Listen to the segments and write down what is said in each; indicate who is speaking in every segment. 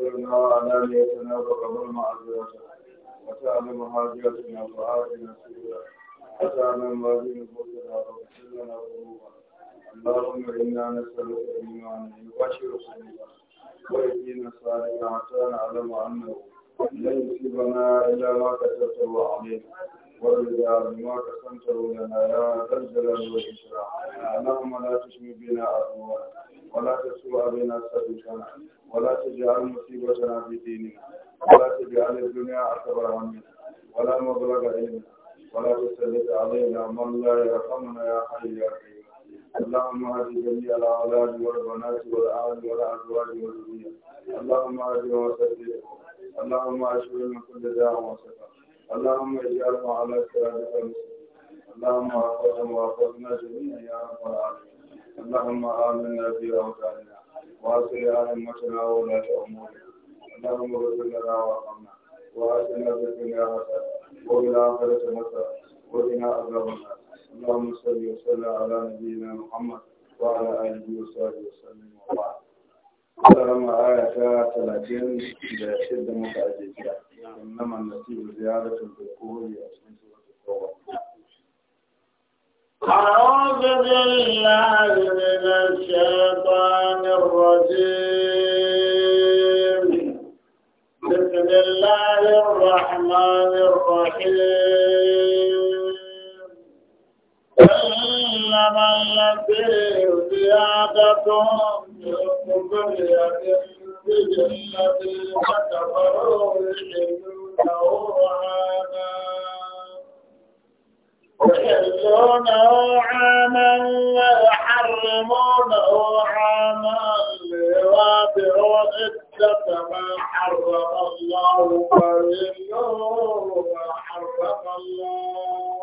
Speaker 1: واسترنا على نيتنا وقبل معذرتنا وتعلم حاجتنا وعافنا سيئا وتعلم ما في نفوسنا لنا ذنوبنا اللهم انا نسالك ايمانا يبشر قلوبنا ويدينا صالحا حتى نعلم انه لن يصيبنا الا ما كتبته علينا ورجع بما قسمته لنا يا ذا الجلال والاكرام اللهم لا تشمي بنا اقوانا ولا تسوء بين صدقنا ولا تجعل مصيبتنا في ديننا ولا تجعل الدنيا أكبر عني ولا مبلغ علمنا ولا تسلط علينا من لا يرحمنا يا حي يا قيوم اللهم اهد جميع الاولاد والبنات والاهل والازواج والذريه اللهم اهدهم وسدد اللهم اشفهم من كل داع وسقى اللهم اجعلهم على صراطك المستقيم اللهم وفقهم وفقنا جميعا يا رب العالمين اللهم آمنا في أوطاننا وأصلح أئمتنا وولاة أمورنا اللهم اغفر لنا وارحمنا وآتنا في الدنيا حسنة وفي الآخرة حسنة وقنا عذاب النار اللهم صل وسلم على نبينا محمد وعلى آله وصحبه وسلم وبعد ولما آية 30 لشدة متعددة إنما النسيب زيادة الذكور أسمى سورة التوبة
Speaker 2: أعوذ بالله من الشيطان الرجيم بسم الله الرحمن الرحيم إنما الذين زيادة يقبل بجنة كفروا لهم هذا
Speaker 1: ويصلون
Speaker 2: عاما ويحرمون عاما ليوابعوا عدة ما حرم الله فإنه حرم الله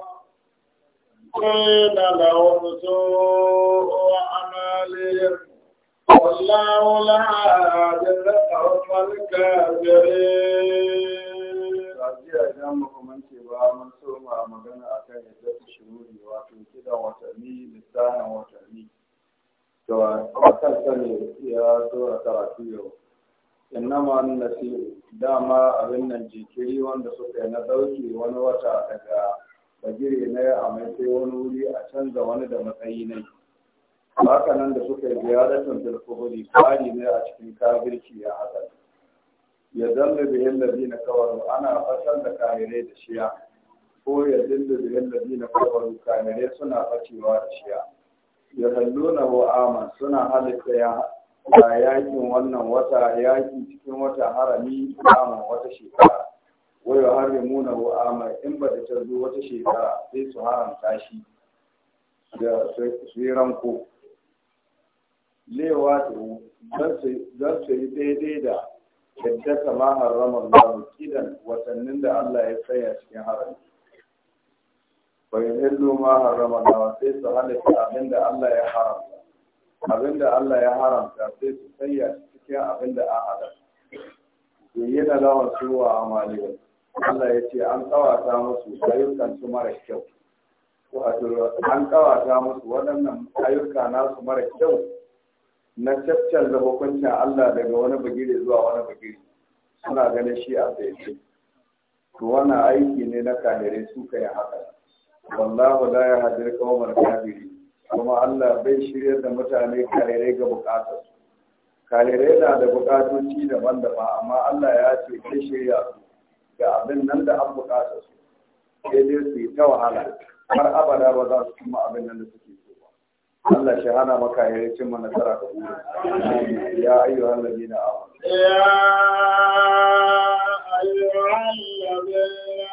Speaker 2: قيل لهم سوء أعمالهم والله لا يهدي القوم
Speaker 1: الكافرين mance ba mun soma magana a akan yadda ta shuri wato kidan watanni lissanin watanni to a kan sani ya tura karatu yau innama nasiru dama abin nan jikiri wanda suka yi na ɗauki wani wata daga bagire na ya amince wani wuri a canza wani da matsayi nai. Makanin da suka yi ziyaratun bilkuhuri tsari ne a cikin kabirki ya haɗa ya zalla da yallabi na kawaru ana fasar da kahirai da shiya ko ya zalla da yallabi na kawaru kahirai suna facewa da shiya ya hallo na wa'aman suna halitta ya a yakin wannan wata yaki cikin wata harami aman wata shekara wai wa har muna wa'ama in ba ta zo wata shekara sai su haramta shi da su yi ranko lewa ta don su yi daidai da yadda ma harama babu kidan watannin da Allah ya tsaya cikin harami bai hillu ma harama da sai su halitta abinda Allah ya haramta abinda Allah ya haramta sai su tsaya cikin abinda an yi na lawan suwa a maliyar Allah ya ce an ƙawata musu ayyukan su mara kyau wato an ƙawata musu waɗannan ayyuka nasu mara kyau na caccanza hukuncin Allah daga wani bagire zuwa wani bagire suna ganin shi a tsaye to wani aiki ne na kahirai su yi haka wallahu la yahdir qawmal kafiri kuma Allah bai shirya da mutane kahirai ga bukatar kahirai na da bukatoci daban-daban amma Allah ya ce kai shirya su ga abin nan da an bukatar su sai dai su yi ta wahala har abada ba za su kuma abin nan da suke الله شهانا ما كان يريد من يا أيها الذين آمنوا
Speaker 2: يا أيها الذين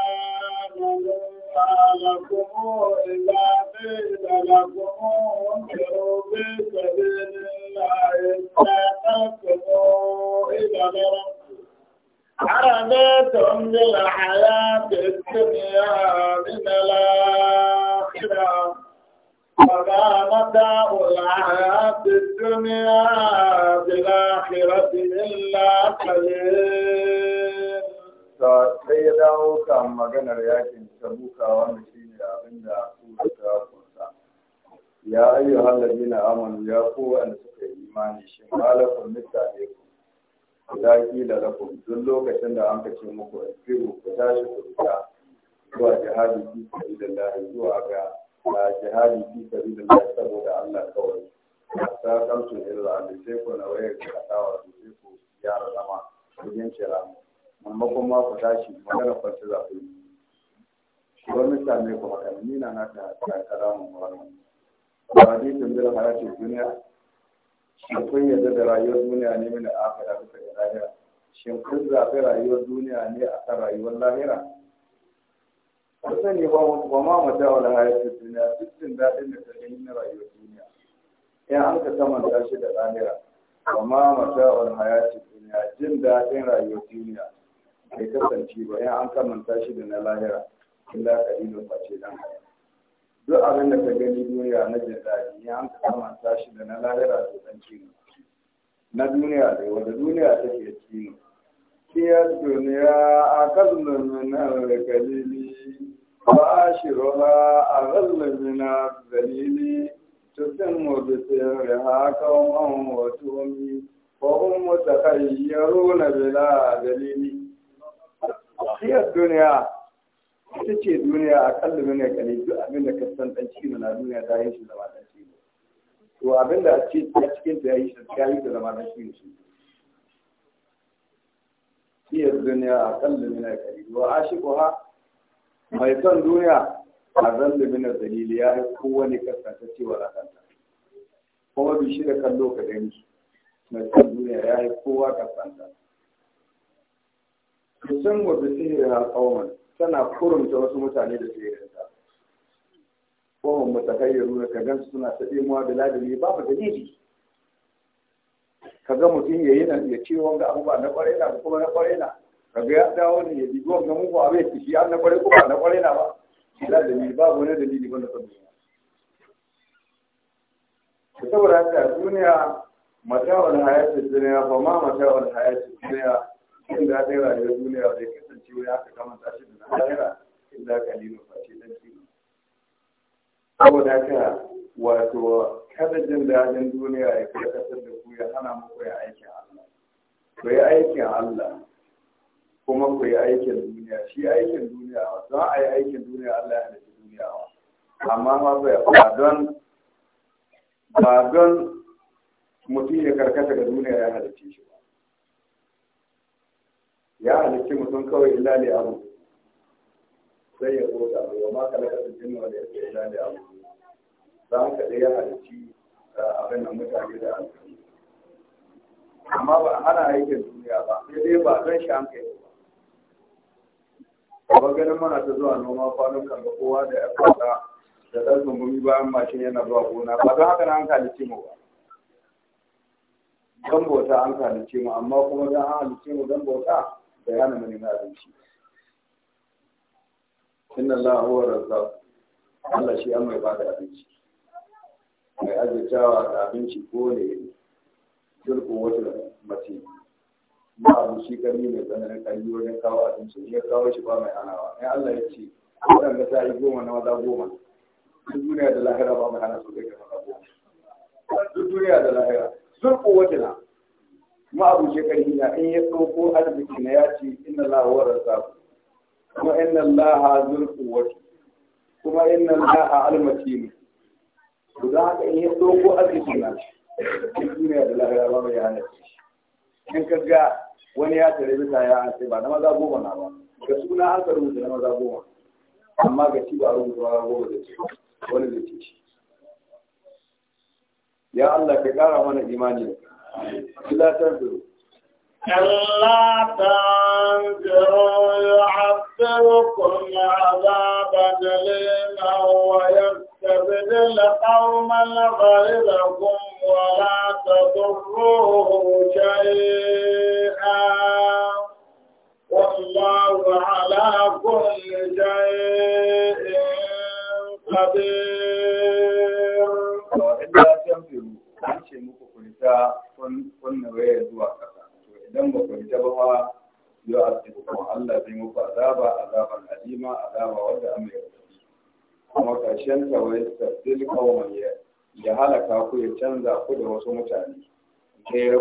Speaker 2: آمنوا لكم إلا بيت لكم انفروا في سبيل الله استأذنكم إلى ربكم أرضيتم بالحياة الدنيا من الآخرة وما متاع الحياة الدنيا بالآخرة إلا قليل
Speaker 1: sai ya dawo kan maganar yakin tabuka wanda shi ne abin da su ta kunsa ya ayyu hallabi na amanu ya kowane suka yi imani shi malakun mita ne ku zaki da lakum duk lokacin da an kace muku ku tashi ku fita zuwa jihadi da lahi zuwa ga jihadi fi sabilillah saboda Allah kawai ta kamtu illa da sai ku na wayar da kasawa su sai ku yara zama wajen cira maimakon ma ku tashi magana kwanci za ku yi wani same ku haka ni na na ta kakara mu wani ba ni tumbir harati duniya shin kun yarda da rayuwar duniya ne mini akara bisa ga lahira shin kun zaɓi rayuwar duniya ne a kan rayuwar lahira ka sani ba wa ma mata wala hayatul duniya duk jin daɗin da ka gani na rayuwar duniya in an ka samanta shi da lahira wa ma mata wala hayatul duniya jin daɗin rayuwar duniya bai kasance ba in an kamanta shi da na lahira illa kalilun face dan duk abin da ka gani duniya na jin daɗi in an kamanta shi da na lahira to dan ciwo na duniya dai wanda duniya take ciwo هي الدنيا أقل من القليل وعاشرها أغل من الذليل تسم بسرها قوما وتهمي وهم متخيرون بلا دليل هي الدنيا ita ce duniya a kalli mana kane duk abin da ka san dan ciki na duniya ta yi shi zama dan ciki to abin da a ce cikin ta yi shi ta yi ta zama هي الدنيا أقل من الكريم وعاشقها ما يكون دنيا أقل من الدليل يا هو نكسر تسوى أقل kuma bi shi da kallo ka gani mai kan duniya ya yi kowa ka san kusan wa bi sihiri ha tana kurumta wasu mutane da sihirinta kawman nuna ka kagan suna ta ɗimuwa da ladani babu dalili ka ga mutum ya yi nan ya ce wanga abubuwa na kwarai na kuma na kwarai na ka ga ya dawo ne ya bibi wanga mugu abu ya shi an na kwarai kuma na kwarai na ba shi da dalili babu wani dalili wanda ka duniya ta saboda haka duniya mata'ul hayatul duniya ba ma mata'ul hayatul duniya in da ta rayuwar duniya zai kasance wani aka kamanta shi da lahira in da ka lino face dan kino saboda haka wato kada jin daɗin duniya ya kai kasar da ku ya hana mu ku yi aikin Allah ku yi aikin Allah kuma ku yi aikin duniya shi aikin duniya Za a yi aikin duniya Allah ya halitta duniya amma ma ba don ba don mutum ya karkata ga duniya ya halitta shi ba ya halitta mutum kawai illa ne abu sai ya zo da wa ma kalakatin jinnu wanda ya ce illa ne abu za ka ya halitta eh, abin da mutane da alƙa amma ba ana aikin duniya ba sai dai ba zan shi an kai ba ba ganin mana ta zuwa noma kwanukan da kowa da ya kwata da ɗan ba, bayan mashin yana zuwa gona ba don haka na an kalice mu ba don bauta an kalice mu amma kuma don an halice mu don bauta da yana mani na abinci inna Allah huwa razzaq Allah shi an mai bada abinci mai azurtawa da abinci ko ne turko wata mace ba abu shi karni mai tsananin karni wajen kawo abinci ya kawo shi ba mai hanawa ai Allah ya ce waɗanda ta yi goma na maza goma duk duniya da lahira ba mai hana su kai maza duk duniya da lahira turko wata na ma abu shi karni na in ya ɗauko arziki na ya ce inna Allah wa razzaku kuma inna Allah zurku wata kuma inna Allah almatini to da haka in ya ɗauko arziki na shi duniya da lahira ba mai hana in ka ga wani ya tare bisa ya an sai ba na maza goma na ba ga suna an ka da na maza goma amma ga ci ba rubuta ba goma da ci wani da ci ya Allah ka kara mana imani da Allah ta zuru
Speaker 2: Allah ta zuru yu'abbirukum azaban lima wa yastabdil qauman ghayrahum ولا تضروه شيئا والله على كل شيء قدير
Speaker 1: an ce muku ku kunna waya zuwa kasa, to idan ba ku ba yau a Allah zai muku azaba azaban alima azaba wanda an mai kuma ƙarshen ta wai sabdil kawman ya halaka ku ya canza ku da wasu mutane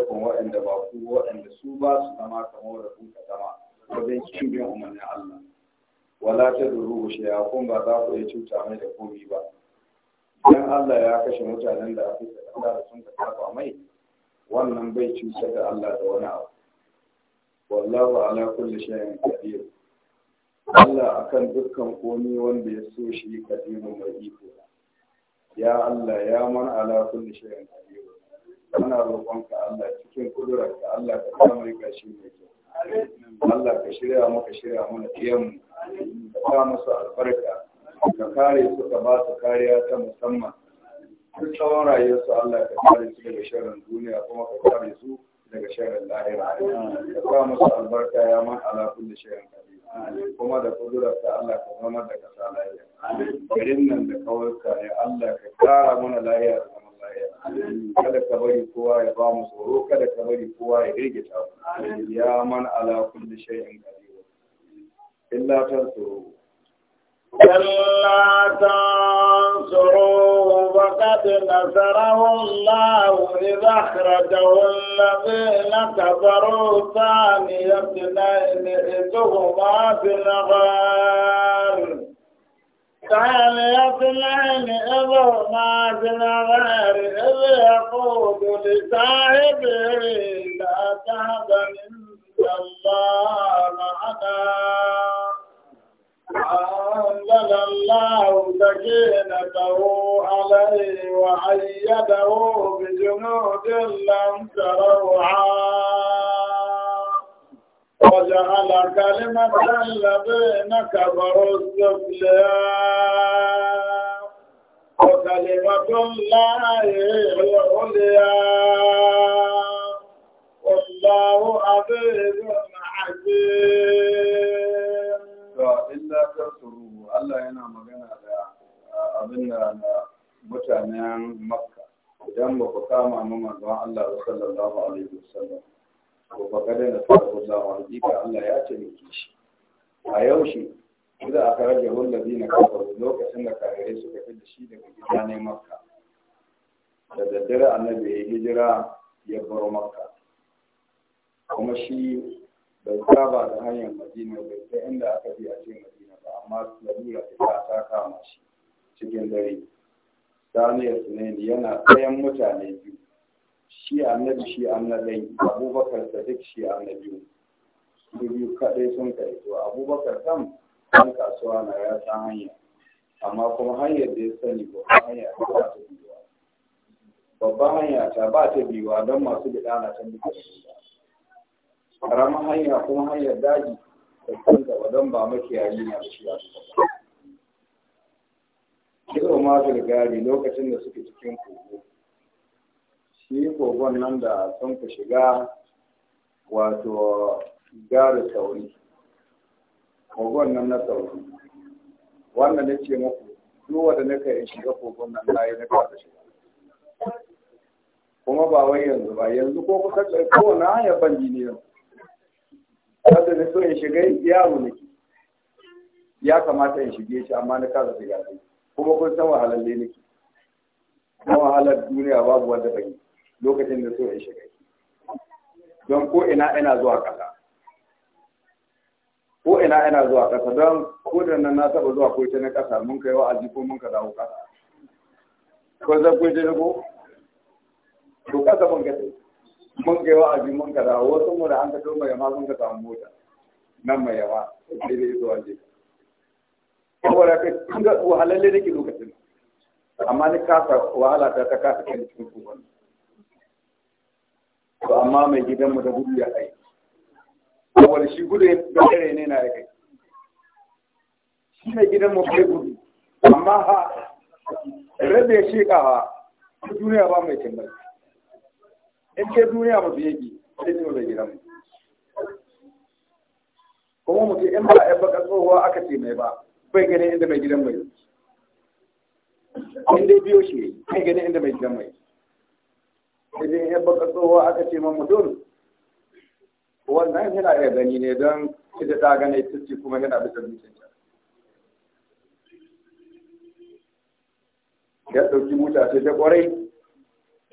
Speaker 1: kuma waɗanda ba ku waɗanda su ba su zama kamar da kun ka zama wajen kimbin umarnin Allah wala ta duru kun ba za ku iya cuta mai da komi ba Idan Allah ya kashe mutanen da aka tsada da sun ka mai wannan bai cuta da Allah da wani abu wallahu ala kulli shay'in qadir Allah akan dukkan komi wanda ya so shi kadiru mai iko ya Allah ya man ala kulli shay'in qadir muna roƙonka Allah cikin kudurarka Allah ka sa mai gashi mai kyau Allah ka shirya maka shirya mana tiyan ka sa musu albarka ka kare su ka ba su kariya ta musamman duk tsawon rayuwarsu Allah ka kare su daga sharrin duniya kuma ka kare su daga sharrin lahira ka sa musu albarka ya man ala kulli shay'in qadir kuma da kudurarka Allah ka zama da kasa garin nan da kawarka ya Allah ka kara mana lahiya da zaman lahiya kada ka bari kowa ya ba mu tsoro kada ka bari kowa ya girgita mu ya man ala kulli shay'in qadir illa tansuru
Speaker 2: كلا تنصروه فقد نصره الله إذ أخرجه الذين كفروا ثاني اثنين إذ هما في الغار ثانية العين إذ ما في الغار إذ يقول لصاحبه لا تهب من الله معنا أنزل الله سكينته عليه وأيده بجنود لم تروها وجعل كلمة الذينك برز فلياء وكلمة الله هي العليا والله عبيد حكيم
Speaker 1: إلا تسروا ألا هنا مجانا لا أبنى متعنيان مكة جنب فقام أمام الله صلى الله عليه وسلم ko fa kada na fara Allah hakika Allah ya ce miki shi a yau shi idan aka rage wallazi na kafaru lokacin da kare suka fi da shi daga gida ne makka da daddare annabi ya hijira ya baro makka kuma shi bai saba da hanyar madina bai ta inda aka bi a ce madina ba amma lalura ta ta kama shi cikin dare saniyar sunayin yana tsayan mutane biyu shi annabi shi annabi abubakar duk shi annabi biyu kaɗai sun kai to abubakar kan kan kasuwa na ya san hanya amma kuma hanyar da ya sani babban hanya ta ba ta biyuwa babban hanya ta ba ta biyuwa don masu da na can duka karamar hanya kuma hanyar daji da kan gaba don ba makiyayi na shi ba su Kiro ma gari lokacin da suke cikin kogo shi kogon nan da sun ka shiga wato gara sauri kogon nan na sauri wannan na ce muku duk wanda na yin shiga kogon nan na yi na kasa shiga kuma ba wai yanzu ba yanzu ko kusa ko na hanyar banji ne yau kada na so in shiga yaro nake ya kamata in shige shi amma na kasa shiga kuma kun san wahalalle nake kuma wahalar duniya babu wanda bai lokacin da so ya shiga don ko ina ina zuwa ƙasa ko ina ina zuwa ƙasa don ko da nan na taba zuwa ko na ƙasa mun kai wa'azi ko mun ka dawo kasa ko zan ko na ko to ƙasa mun ka mun kai wa'azi mun ka dawo wasu mu da an ka toma ma mun ka samu mota nan mai yawa sai dai zuwa je saboda kai kun ga wahalalle ke lokacin amma ni kasa wahala ta ta kasa kan cikin kowanne to amma mai gidanmu da gudu ya kai saboda shi gudu da kare ne na ya kai shi mai gidanmu bai gudu amma ha rabe ya sheka ha duniya ba mai cin in ke duniya ba su yake sai ne mai gidanmu kuma mutum in ba a yabba ka tsohuwa aka ce mai ba bai gani inda mai gidan mai in dai biyo shi bai gani inda mai gidan mai idan ya baka tsoho aka ce ma mutum wannan yana iya gani ne don ita ta gane ita ce kuma yana bisa zuciya ya ɗauki mota ce ta ƙwarai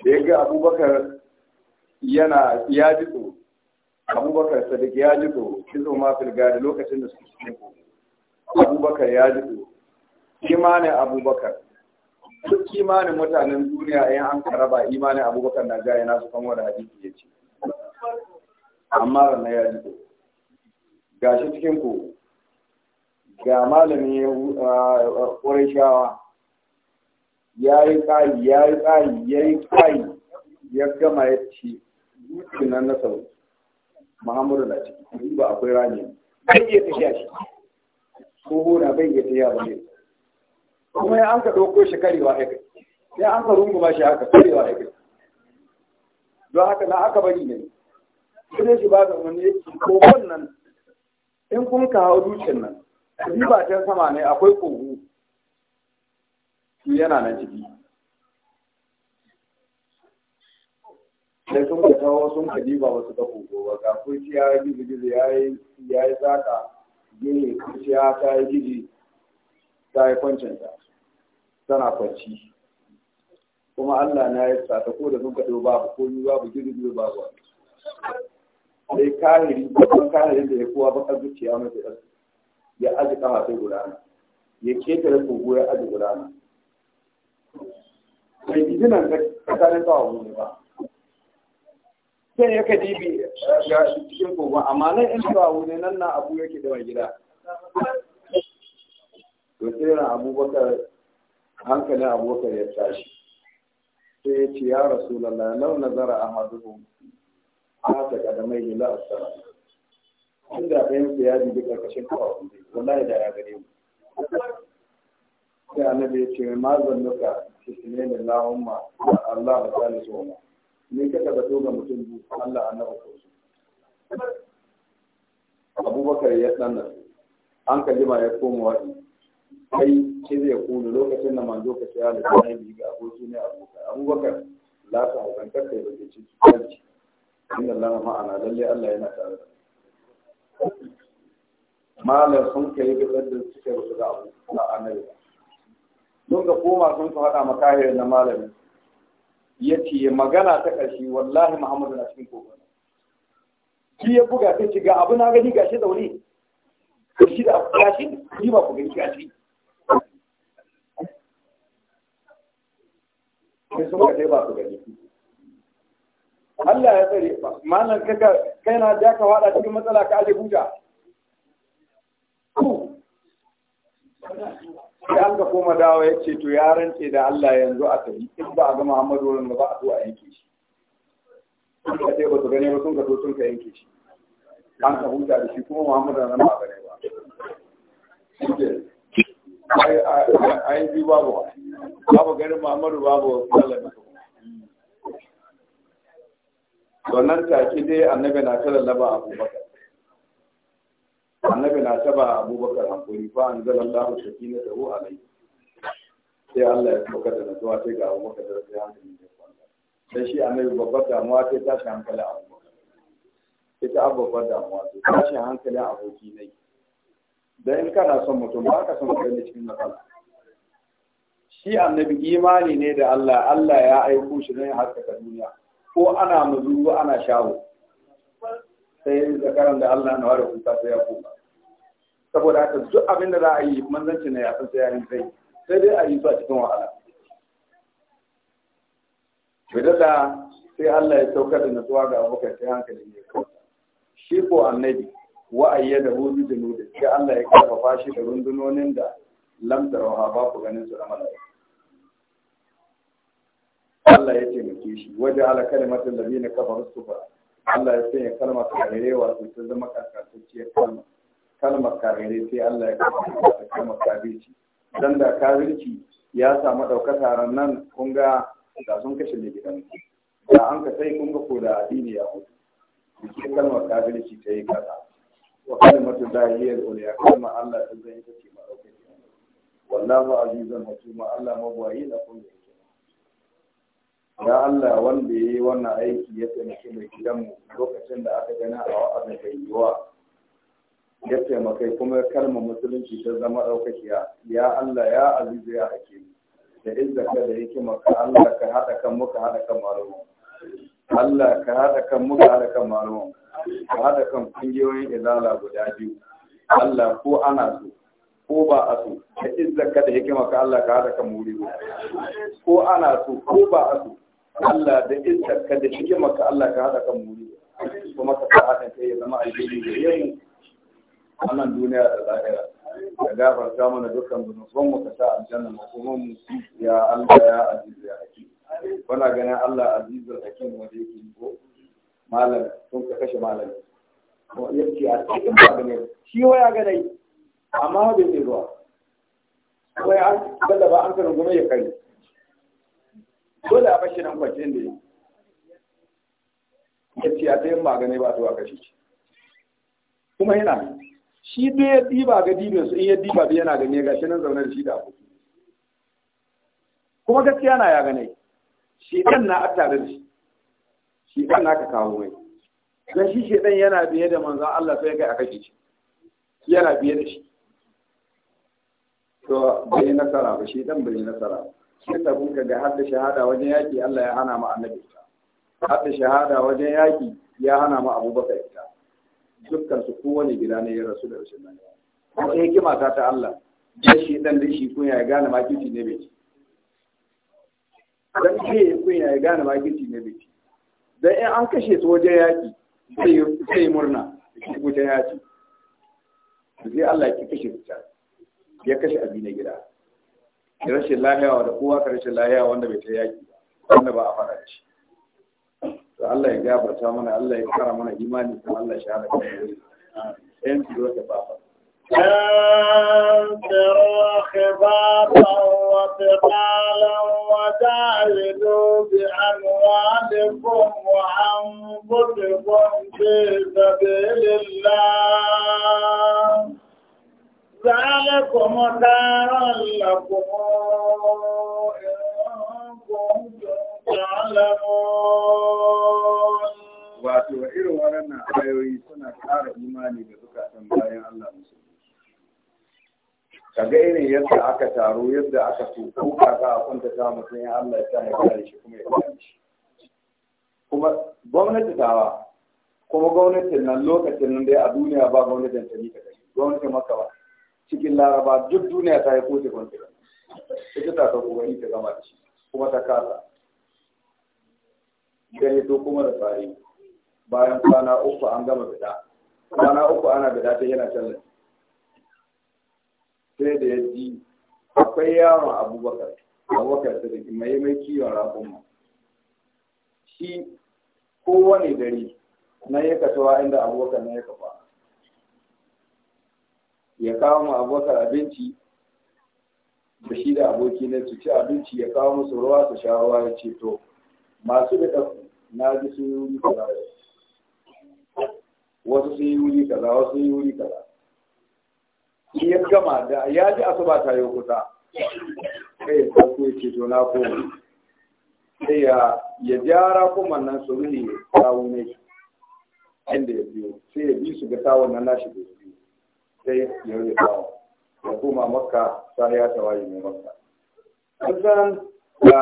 Speaker 1: da ya ga abubakar yana ya ji tsoro abubakar sadiq ya ji tsoro zo ma da lokacin da suke cikin abubakar ya ji tsoro shi ma ne abubakar duk imanin mutanen duniya in an karaba imanin abubakar na gaya nasu kan wani hadisi ya ce amma na ya ji ga shi cikin ku ga malami ƙwarai shawa ya yi tsayi ya yi tsayi ya yi tsayi ya gama ya ce zuci nan na sau muhammadu na ciki ba akwai rami bai iya tafiya shi ko na bai iya tafiya ba ne kuma ya an ka ɗauko shi karewa haka ya an ka runguma shi haka karewa haka don haka na aka bari ne sai shi ba da wani kogon nan in kun kawo dutsen nan riba can sama ne akwai kogo yana nan ciki sai sun ka tawo sun ka diba wasu ka kogo ba ga kurci ya yi gizi ya yi zaka gini kurci ya ta yi gizi ta yi kwancinta tana kwanci kuma Allah na ya sa ko da sun kaɗo babu komi babu girgizo babu sai kahiri babban kahirin da ya kowa baka zuciya mai da ya aji kama sai gudana ya da kogo ya aji gudana mai da tsakanin tsawa ne ba sai ya ka dibi ga cikin kogon amma nan in tsawa ne nan na abu yake da mai gida to abubakar hankalin abubakar ya tashi sai ya ce ya rasu lallai lau nazara ahaduhum hata kadamai la asara inda ɗayan su ya dubi karkashin kawo wallahi da ya gare mu sai annabi ya ce ma zannuka kisne da lahumma Allah ba ta niso ma ni kaka da ga mutum biyu Allah annabi ko su Abubakar ya tsanna an kalima ya koma wadi kai ce zai kulu lokacin da manzo ka ce ala kana yi ga aboki ne aboka abubakar la ta hakan kai ba ce ci kanci inda lana ma'ana lalle allah yana tare da malam sun kai ga da suke rubuta da abu na annabi don ka koma sun ka hada makahiyar na malami yace magana ta ƙarshe wallahi muhammadu na cikin kogon shi ya buga ta ci ga abu na gani gashi zaune shi da gashi ni ba ku gani gashi sai suka je ba su gani Allah ya tsare malam kaga kai na ja ka wada cikin matsala ka aje buja sai an ga koma dawa ya ce to yaran ce da Allah yanzu a tafi in ba a ga Muhammadu wurin ba a zo a yanke shi suka ce ba su gani ba sun ka to sun ka yanke shi an ka huta da shi kuma Muhammadu nan ba a gane ba yi ai babu wani babu garin Muhammadu babu sallallahu to ta take dai annabi na ta lallaba abubakar annabi na taba abubakar hankuri fa an zala allahu sakina da alai sai allah ya tsoka da nasuwa sai ga abubakar da sai hankali da kwanta sai shi annabi babbar damuwa sai tashi hankali abubakar ita abubakar damuwa sai tashi hankali aboki ne dan in kana son mutum ba ka son kai cikin matsala shi annabi imani ne da Allah Allah ya aiko shi ne haskaka duniya ko ana muzuru ana shawo sai zakaran da Allah na ware kuka sai ya koma saboda haka duk abin da za a yi manzanci ne ya san sai ya yi sai sai dai a yi su a cikin wahala da sai Allah ya saukar da nutsuwa ga abokan sai hankali ne shi ko annabi wa'ayya da hudu da sai Allah ya karfafa shi da rundunonin da lamtar ba ku ganin su da mala'ika Allah ya taimake shi waje ala kalimatul kafa kafaru ba. Allah ya sanya kalmar karere wato ta zama karkatacciyar kalma kalmar karere sai Allah ya kafa ta kalmar kafirci dan da kafirci ya samu daukaka ran nan kun ga da sun kashe ne gidan da an ka sai kun ga ko da addini ya mutu sai kalmar kafirci ta yi kaza wa kalimatul lahiyal ya kalmar Allah ta zai ta ce ma a wallahu azizun hakima Allah mabwayi na kullu ya Allah wanda ya yi wannan aiki ya taimaki mai gidanmu lokacin da aka gani a wa'azin bai yiwa ya taimakai kuma kalmar musulunci ta zama ɗaukakiya ya Allah ya azizu ya Hakim! da izzaka da ka Allah ka haɗa kan muka haɗa kan malumu Allah ka haɗa kan muka haɗa kan malumu ka haɗa kan kungiyoyin izala guda biyu Allah ko ana so ko ba a so da izzaka da ka Allah ka haɗa kan muri ko ana so ko ba a so Allah da iskar ka da cikin maka Allah ka haɗa kan muri kuma ka sa haɗin kai ya zama alheri da yin wannan duniya da lahira da gafarta mana dukkan mu, zunuban mu ka sa aljanna kuma mu ya Allah ya aziz ya hakim kana ganin Allah azizul hakim wanda yake ko malam sun ka kashe malam ko yace a cikin magana shi waya ga dai amma bai zai ruwa waya an da ba an karin gume ya kai dole a bashi nan kwanciyar da ya ce a ta yin magani ba zuwa kashi ce kuma yana shi dai ya diba ga dibin su in ya diba bai yana gane ga shi nan zaune da shi da abu kuma gaskiya na ya gane shi dan na a tare da shi shi dan na ka kawo mai don shi shi dan yana biye da manzan Allah sai kai a kashi shi yana biye da shi to bai nasara ba shi dan bai nasara ba shi kun ga har da shahada wajen yaki Allah ya hana mu annabi ta har da shahada wajen yaki ya hana mu abubakar ita dukkan su kowane gida ne ya rasu da rashin lafiya kuma hikima ta ta Allah dan shi dan da shi kun ya gane makici ne bai ci dan shi kun ya gane makici ne bai ci dan in an kashe su wajen yaki sai sai murna shi wajen yaki sai Allah ya kashe su ya kashe abin gida da rashin lahiya da kowa ka rashin lahiya wanda bai ta yaki wanda ba a fara da shi to Allah ya gafarta mana Allah ya kara mana imani kuma Allah ya hada kai ɗayan su zo ta ba
Speaker 2: انفروا خباطا وثقالا وجاهدوا بأموالكم وأنفسكم في سبيل الله سألكم دارا لكم Wato irin waɗannan
Speaker 1: ayoyi suna ƙara imani da zukatan bayan Allah musulmi. Ka ga irin yadda aka taro yadda aka so ko kaga a kwanta ta mutum ya Allah ya sa ya kare shi kuma ya kare shi. Kuma gwamnati tawa kuma gwamnatin nan lokacin nan dai a duniya ba gwamnatin ta ni ta kai gwamnatin maka ba cikin laraba duk duniya ta yi kote kwanfiran ita ta kuma yi ta gama da shi kuma ta kasa gare to kuma da tsari bayan kwana uku an gama fita kwana uku ana fita ta yana tallafi sai da ya ji akwai yawon abubakar abubakar da da mai mai kiwon ma shi kowane dare na yi kasuwa inda abubakar na yi kafa ya kawo mu abokar abinci da shi da aboki na su ci abinci ya kawo musu ruwa su sha ruwa ya ce to masu da ɗan na ji sun yi wuri kaza wasu sun yi wuri kaza wasu sun yi wuri kaza shi ya gama da ya ji asuba ta yi kusa kai ya sauko ya ce to na koma sai ya ya jara kuma nan su rufe kawo ne inda ya biyo sai ya bi su ga tawon nan nashi biyu sai ya rufe ya koma makka ta ya tawaye mai makka kusan da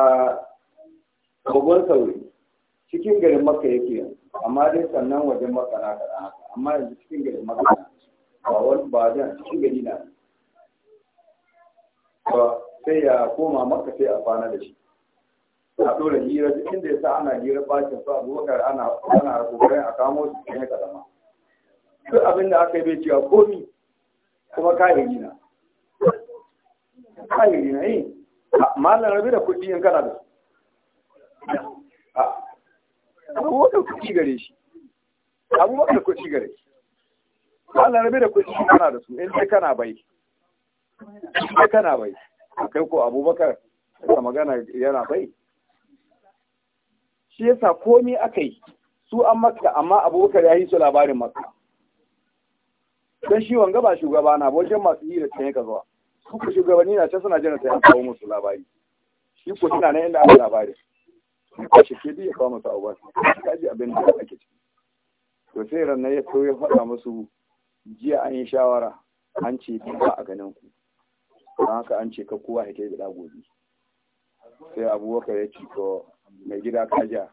Speaker 1: kogon sauri cikin garin makka yake amma dai sannan wajen makka na kaɗan haka amma yanzu cikin garin makka ba wani ba jan cikin gari na sai ya koma makka sai a kwana da shi a dole hira cikin inda ya sa ana hira bakin su abubakar ana ana kokarin a kamo su cikin haka zama duk abin da aka yi bai cewa komi kuma kahiri na kahiri na yi eh. ah, malam rabi da kudi in kana da su ah, abubakar kuɗi gare shi abubakar kuɗi gare shi malam rabi da kudi shi kana da su in sai kana bai sai kana bai akai ko abubakar da magana yana bai shi yasa komi aka yi su an makka amma abubakar ya yi su labarin makka don shi wanga ba shugaba na wajen masu hira can yaka zuwa su ku shugabanni na can suna jana sai an kawo musu labari shi ku suna nan inda aka labari ku shi ke ya kawo musu abuwa ka ji abin da ake ciki to sai ranar ya to ya faɗa musu jiya an yi shawara an ce ba a ganin ku don haka an ce ka kowa ya kai gida gobe sai abubakar ya ci ko mai gida kaja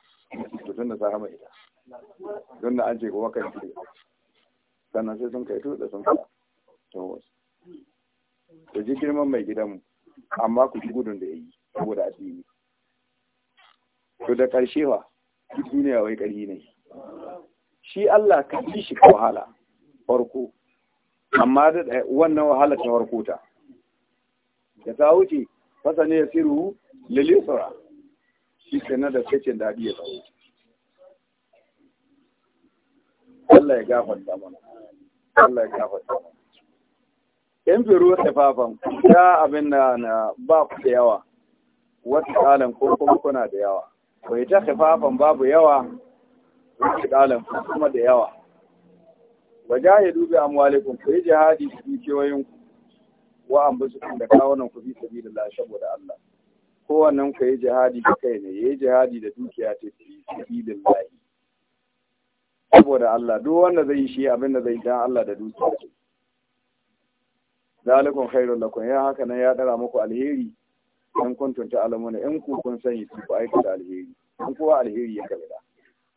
Speaker 1: da tun da sa hama ita don da an ce kowa kai sannan sai sun kai da sun wasu to ji girman mai gidanmu amma ku ji gudun da ya yi saboda addini to da ƙarshe wa duniya wai ƙarfi ne shi Allah ka ji shi ka wahala farko amma da wannan wahala ta farko ta da ta wuce fasa ne ya siru lalisara shi kenan da sai daɗi ya tsawo Allah ya gafarta mana Allah ya gafarta in firu tafafan ya abin na na ba ku da yawa wata kalan ko kuma kuna da yawa ko ita tafafan babu yawa wata kalan kuma da yawa ja wajahidu bi amwalikum ku yi jihadi da dukiyoyin ku wa ambusukum da kawunan ku bi sabilillah da Allah kowannen ku yi jihadi da kai ne ya yayi jihadi da dukiya ta fi sabilillah saboda Allah duk wanda zai yi shi abin da zai dan Allah da dukiya zalikum khairul lakum ya haka nan ya dara muku alheri in kuntum ta'lamuna in ku kun sani ku aika da alheri in kuwa alheri ya kabila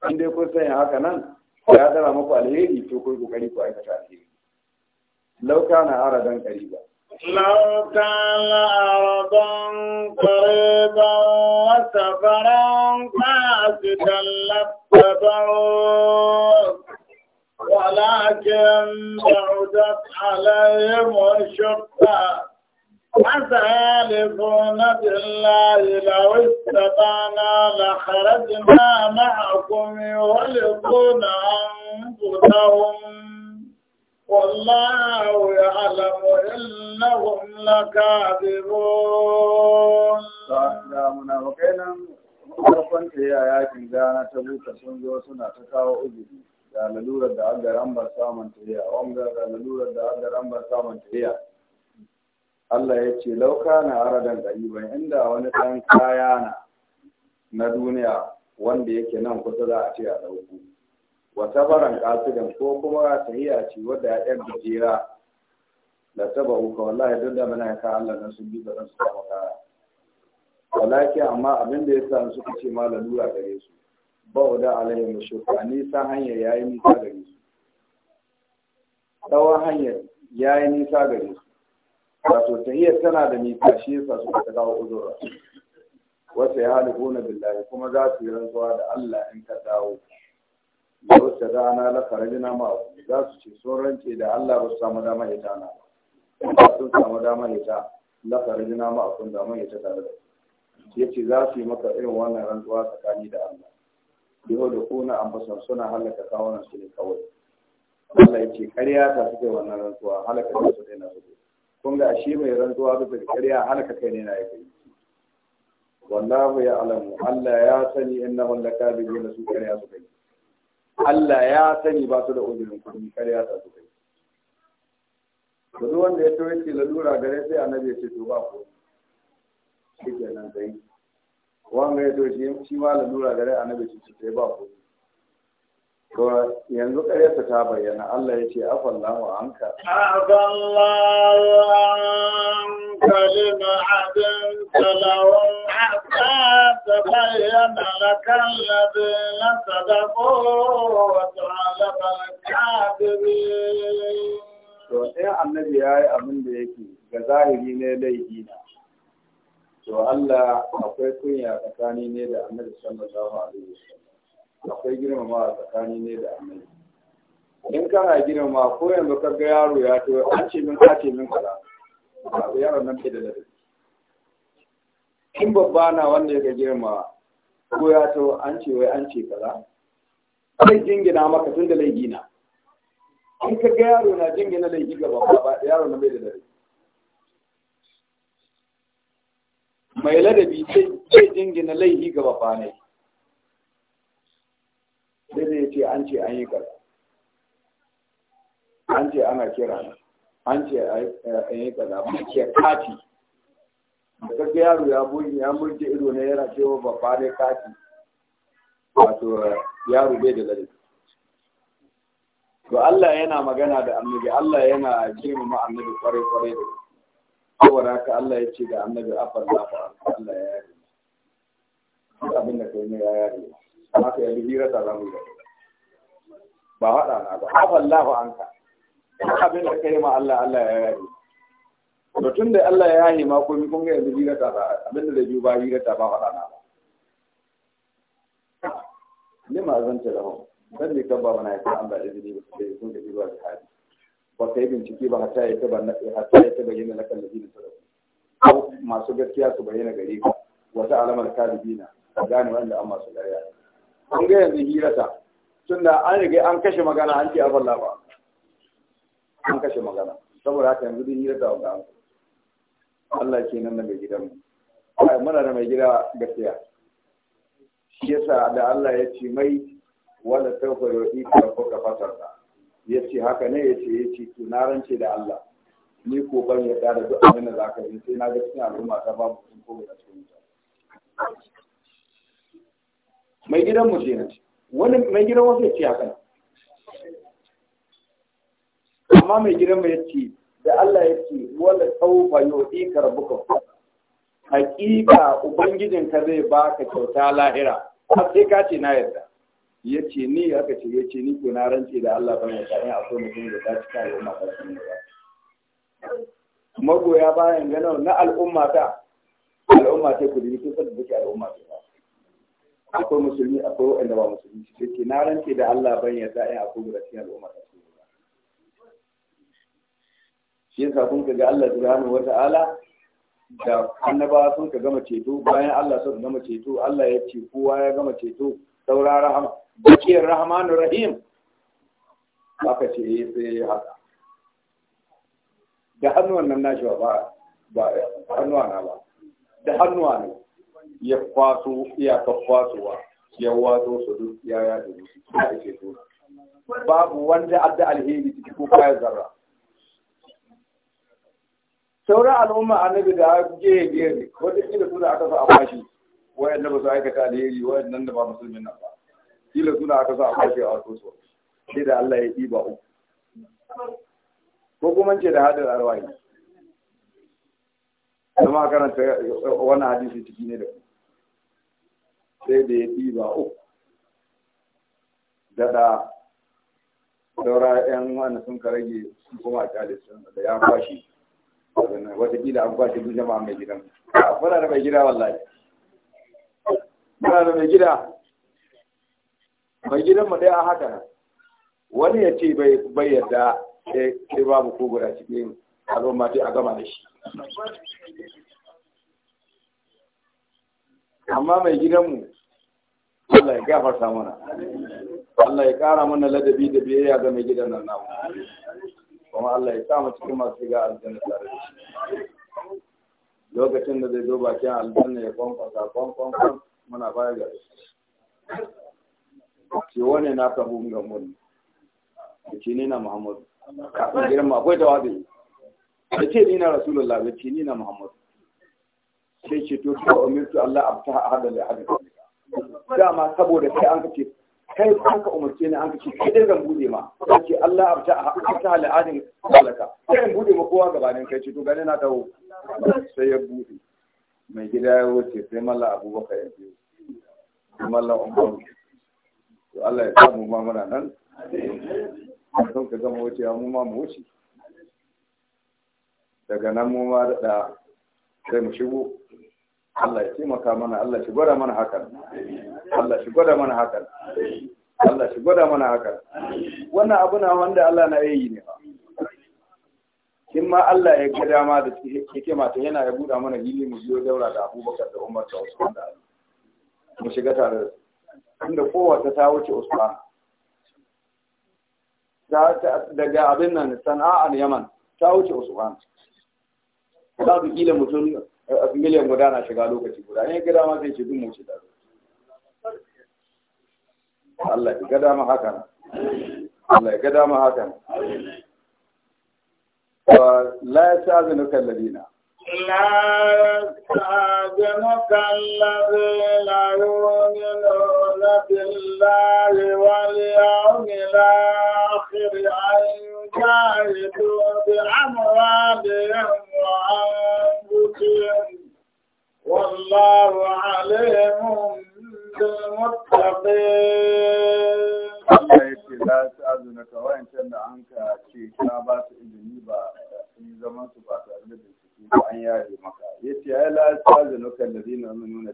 Speaker 1: in dai kun sanya haka nan ya dara muku alheri to ku kokari ku aika da alheri law kana aradan kariba
Speaker 2: لو كان أرضا قريبا وسفرا فاسدا لاتبعوك ولكن بعدت عليهم الشقة فسالفون بالله لو استطعنا لخرجنا معكم يغلقون أنفسهم والله يعلم إنهم لكاذبون
Speaker 1: farkon ta yi a yakin gana ta buka sun zo suna ta kawo uzuri da lalurar da aka ramba samun ta a wanga da lalurar da aka ramba samun ta Allah ya ce lauka na aradan ƙariban inda wani ɗan kaya na na duniya wanda yake nan kusa za a ce a ɗauko wata baran kasidan ko kuma tahiya ce wadda ya ɗan bijera da saba uka wallahi duk da mana ka Allah nan sun bi da su ba makara wallahi amma abin da ya sa suka ce ma lalura gare su ba wada alaihi mushukka nisa hanya yayi nisa gare su tsawon hanyar yayi nisa gare su wato tahiyar tana da nisa shi yasa su ta kawo uzura wasu ya halifuna billahi kuma za su yi rantsuwa da Allah in ka dawo da wata rana la na ma za su ce sun rance da Allah ba su samu dama ita na ba sun samu dama ita la na ma akwai dama ta tare da su yace za su yi maka irin wannan rantsuwa tsakani da Allah yau da kuna ambasan suna halaka kawunan su ne kawai Allah ya ce ƙarya ta suke wannan rantsuwa halaka ta su kai na su kun ga shi mai rantsuwa bisa su ƙarya halaka kai ne na ya kai wallahu ya alamu Allah ya sani inna wallaka bi su ƙarya su kai Allah ya sani ba su da ujirin kuɗi kar ya sa su kai duk wanda ya tawaye lalura gare sai annabi ya ce to ba ko shi kenan sai Wanda ya tawaye shi ma lalura gare annabi ya ce sai ba ko yanzu ƙaryarsa ta bayyana Allah ya ce afallahu an ka. Afallahu
Speaker 2: an ka lima adin talawun hatta ta bayyana na kallabi na sadako wata alaƙar
Speaker 1: To ɗaya annabi ya yi abin da yake ga zahiri ne laifi na. To Allah akwai kunya tsakani ne da annabi sallallahu alaihi wasallam. akwai girmama a tsakani ne da annabi in kana girmama ko yanzu ka ga yaro ya to an ce min ka ce min kaza ba yaron nan ke da ladabi in babba na wanda ya ga girma ko ya to an ce wai an ce kaza zai jingina maka tun da laifi na in ka ga yaro na jingina laifi ga babba ba yaro na bai da ladabi mai ladabi sai jingina laifi ga babba ne sai zai ce an ce an yi kaza an ce ana kira na an ce eh, an yi kaza ba ke kati da kake yaro ya bugi. ya murje ido ne yana cewa babba ne kati wato eh, yaro bai da ladabi to Allah yana magana da annabi Allah yana girmama annabi kwarai kwarai da saboda haka Allah ya ce da annabi afar lafa Allah ya yi abin da kai ne ya yare haka yanzu hira ta zamu da ba haɗa na ba haɓa Allah an ka abin da ka yi ma Allah Allah ya yaji to tun da Allah ya yaji ma komai kun ga yanzu hira ta ba abin da zai biyu ba hira ta ba haɗa na ba ne ma zanta da hon dan ne kan ba mana ya san Allah izini ba sai kun ga zuwa da hali ba kai bincike ba hatta ya taba hatta ya taba yin lakan da zai tsara masu gaskiya su bayyana gare ka wata alamar kalibina gane wanda an masu gariya an ga yanzu hirata tunda an riga an kashe magana an ce abin ba an kashe magana saboda haka yanzu duk hirata wanda an Allah ke nan da mai gidan mu muna da mai gida gaskiya shi yasa da Allah ya ce mai wala tawfa yudi ka ko ka ya ce haka ne ya ya ce to na rance da Allah ni ko ban yarda da duk abin da zaka yi sai na ga cikin al'umma ta babu sun ko da cikin mai gidan mu ce, wani mai gidan wasu ya ce haka amma mai gidan mu ya da Allah ya wala tawfa yu'ika rabbuka hakika ka zai baka kyauta lahira har sai ka ce na yarda ya ni aka ce yace ni ko na rance da Allah ban yarda in akwai mutum da ta cika ya ta da ba magoya bayan gano na al'umma ta al'umma ta ku dini kusa da duke al'umma ta akwai musulmi akwai waɗanda ba musulmi su ce na rance da Allah ban yarda in akwai muratin al'umma ta su shi yasa kun ga Allah subhanahu wata'ala da annaba sun ka gama ceto bayan Allah sun gama ceto Allah ya ce kowa ya gama ceto saura rahama bakiyar rahmanu rahim aka ce eh sai ya haka da hannuwan nan nashi ba ba hannuwa na ba da hannuwa ne ya kwaso iyaka kwasowa ya wazo su duk ya ya da su ya ake so babu wanda adda alheri ciki ko kaya zarra Saura al'umma annabi da ake gehe ne wata kila suna aka sa a fashi wayan ba su aikata alheri wayan nan da ba musulmin nan ba kila suna aka sa a fashi a wato su sai da Allah ya ɗiba uku ko kuma ce da hadar arwayi kuma karanta wannan hadisi ciki ne da ku sai da ya ɗiba uku daga ɗaura yan wani sun ka rage sun kuma a kyalisun da ya kwashi watakila an kwashi duk jama'a mai gidan fara da mai gida wallahi fara da mai gida mai gidan mu ɗaya haka wani ya ce bai yadda sai babu ko guda cikin al'umma sai a gama da shi amma mai gidanmu Allah ya gafarta mana Allah ya kara mana ladabi da biyayya ga mai gidan nan namu kuma Allah ya sa mu cikin masu shiga aljanna tare da shi lokacin da zai zo bakin aljanna ya kwankwasa kwankwankwan muna baya ga shi wani na kabu ga mun da ce ni na muhammadu kafin girma akwai tawazi ce ni na rasulullah ce ni na muhammadu sai ce to wa umirtu Allah abta hada da hada dama saboda kai an kace kai an ka umurce ni an kace kai din zan bude ma kace Allah abta abta hada adin halaka sai kai bude ma kowa gabanin kai ce to gane na dawo sai ya bude mai gida ya wuce sai mallan Abubakar ya biyo sai mallan Umar to Allah ya samu ma muna nan sun ka gama wuce mu ma mu wuce daga nan mu ma da sai mu shigo Allah ya taimaka mana Allah shi gwada mana hakan Allah shi gwada mana hakan Allah shi gwada mana hakan wannan abu na wanda Allah na yi ne in ma Allah ya ga dama da hikima ta yana ya buɗa mana hili mu biyo daura da Abubakar da Umar da Usman da mu shiga tare da inda kowace ta wuce Usman daga abin nan a Yaman ta wuce Usman za su kila mutum eh, miliyan guda na shiga lokaci guda ne ga dama sai ce mu shiga Allah ya ga dama haka Allah ya ga dama hakan la yasazinuka alladina
Speaker 2: لا يستأذنك الذين يؤمنون بالله واليوم الآخر أن جاهدوا بأموالهم وأنفسهم والله عليم
Speaker 1: بالمتقين Allah ya ce azuna ka da an ka ce ba su izini ba sun yi zaman su ba da an yare maka ya ce azuna ka da nuna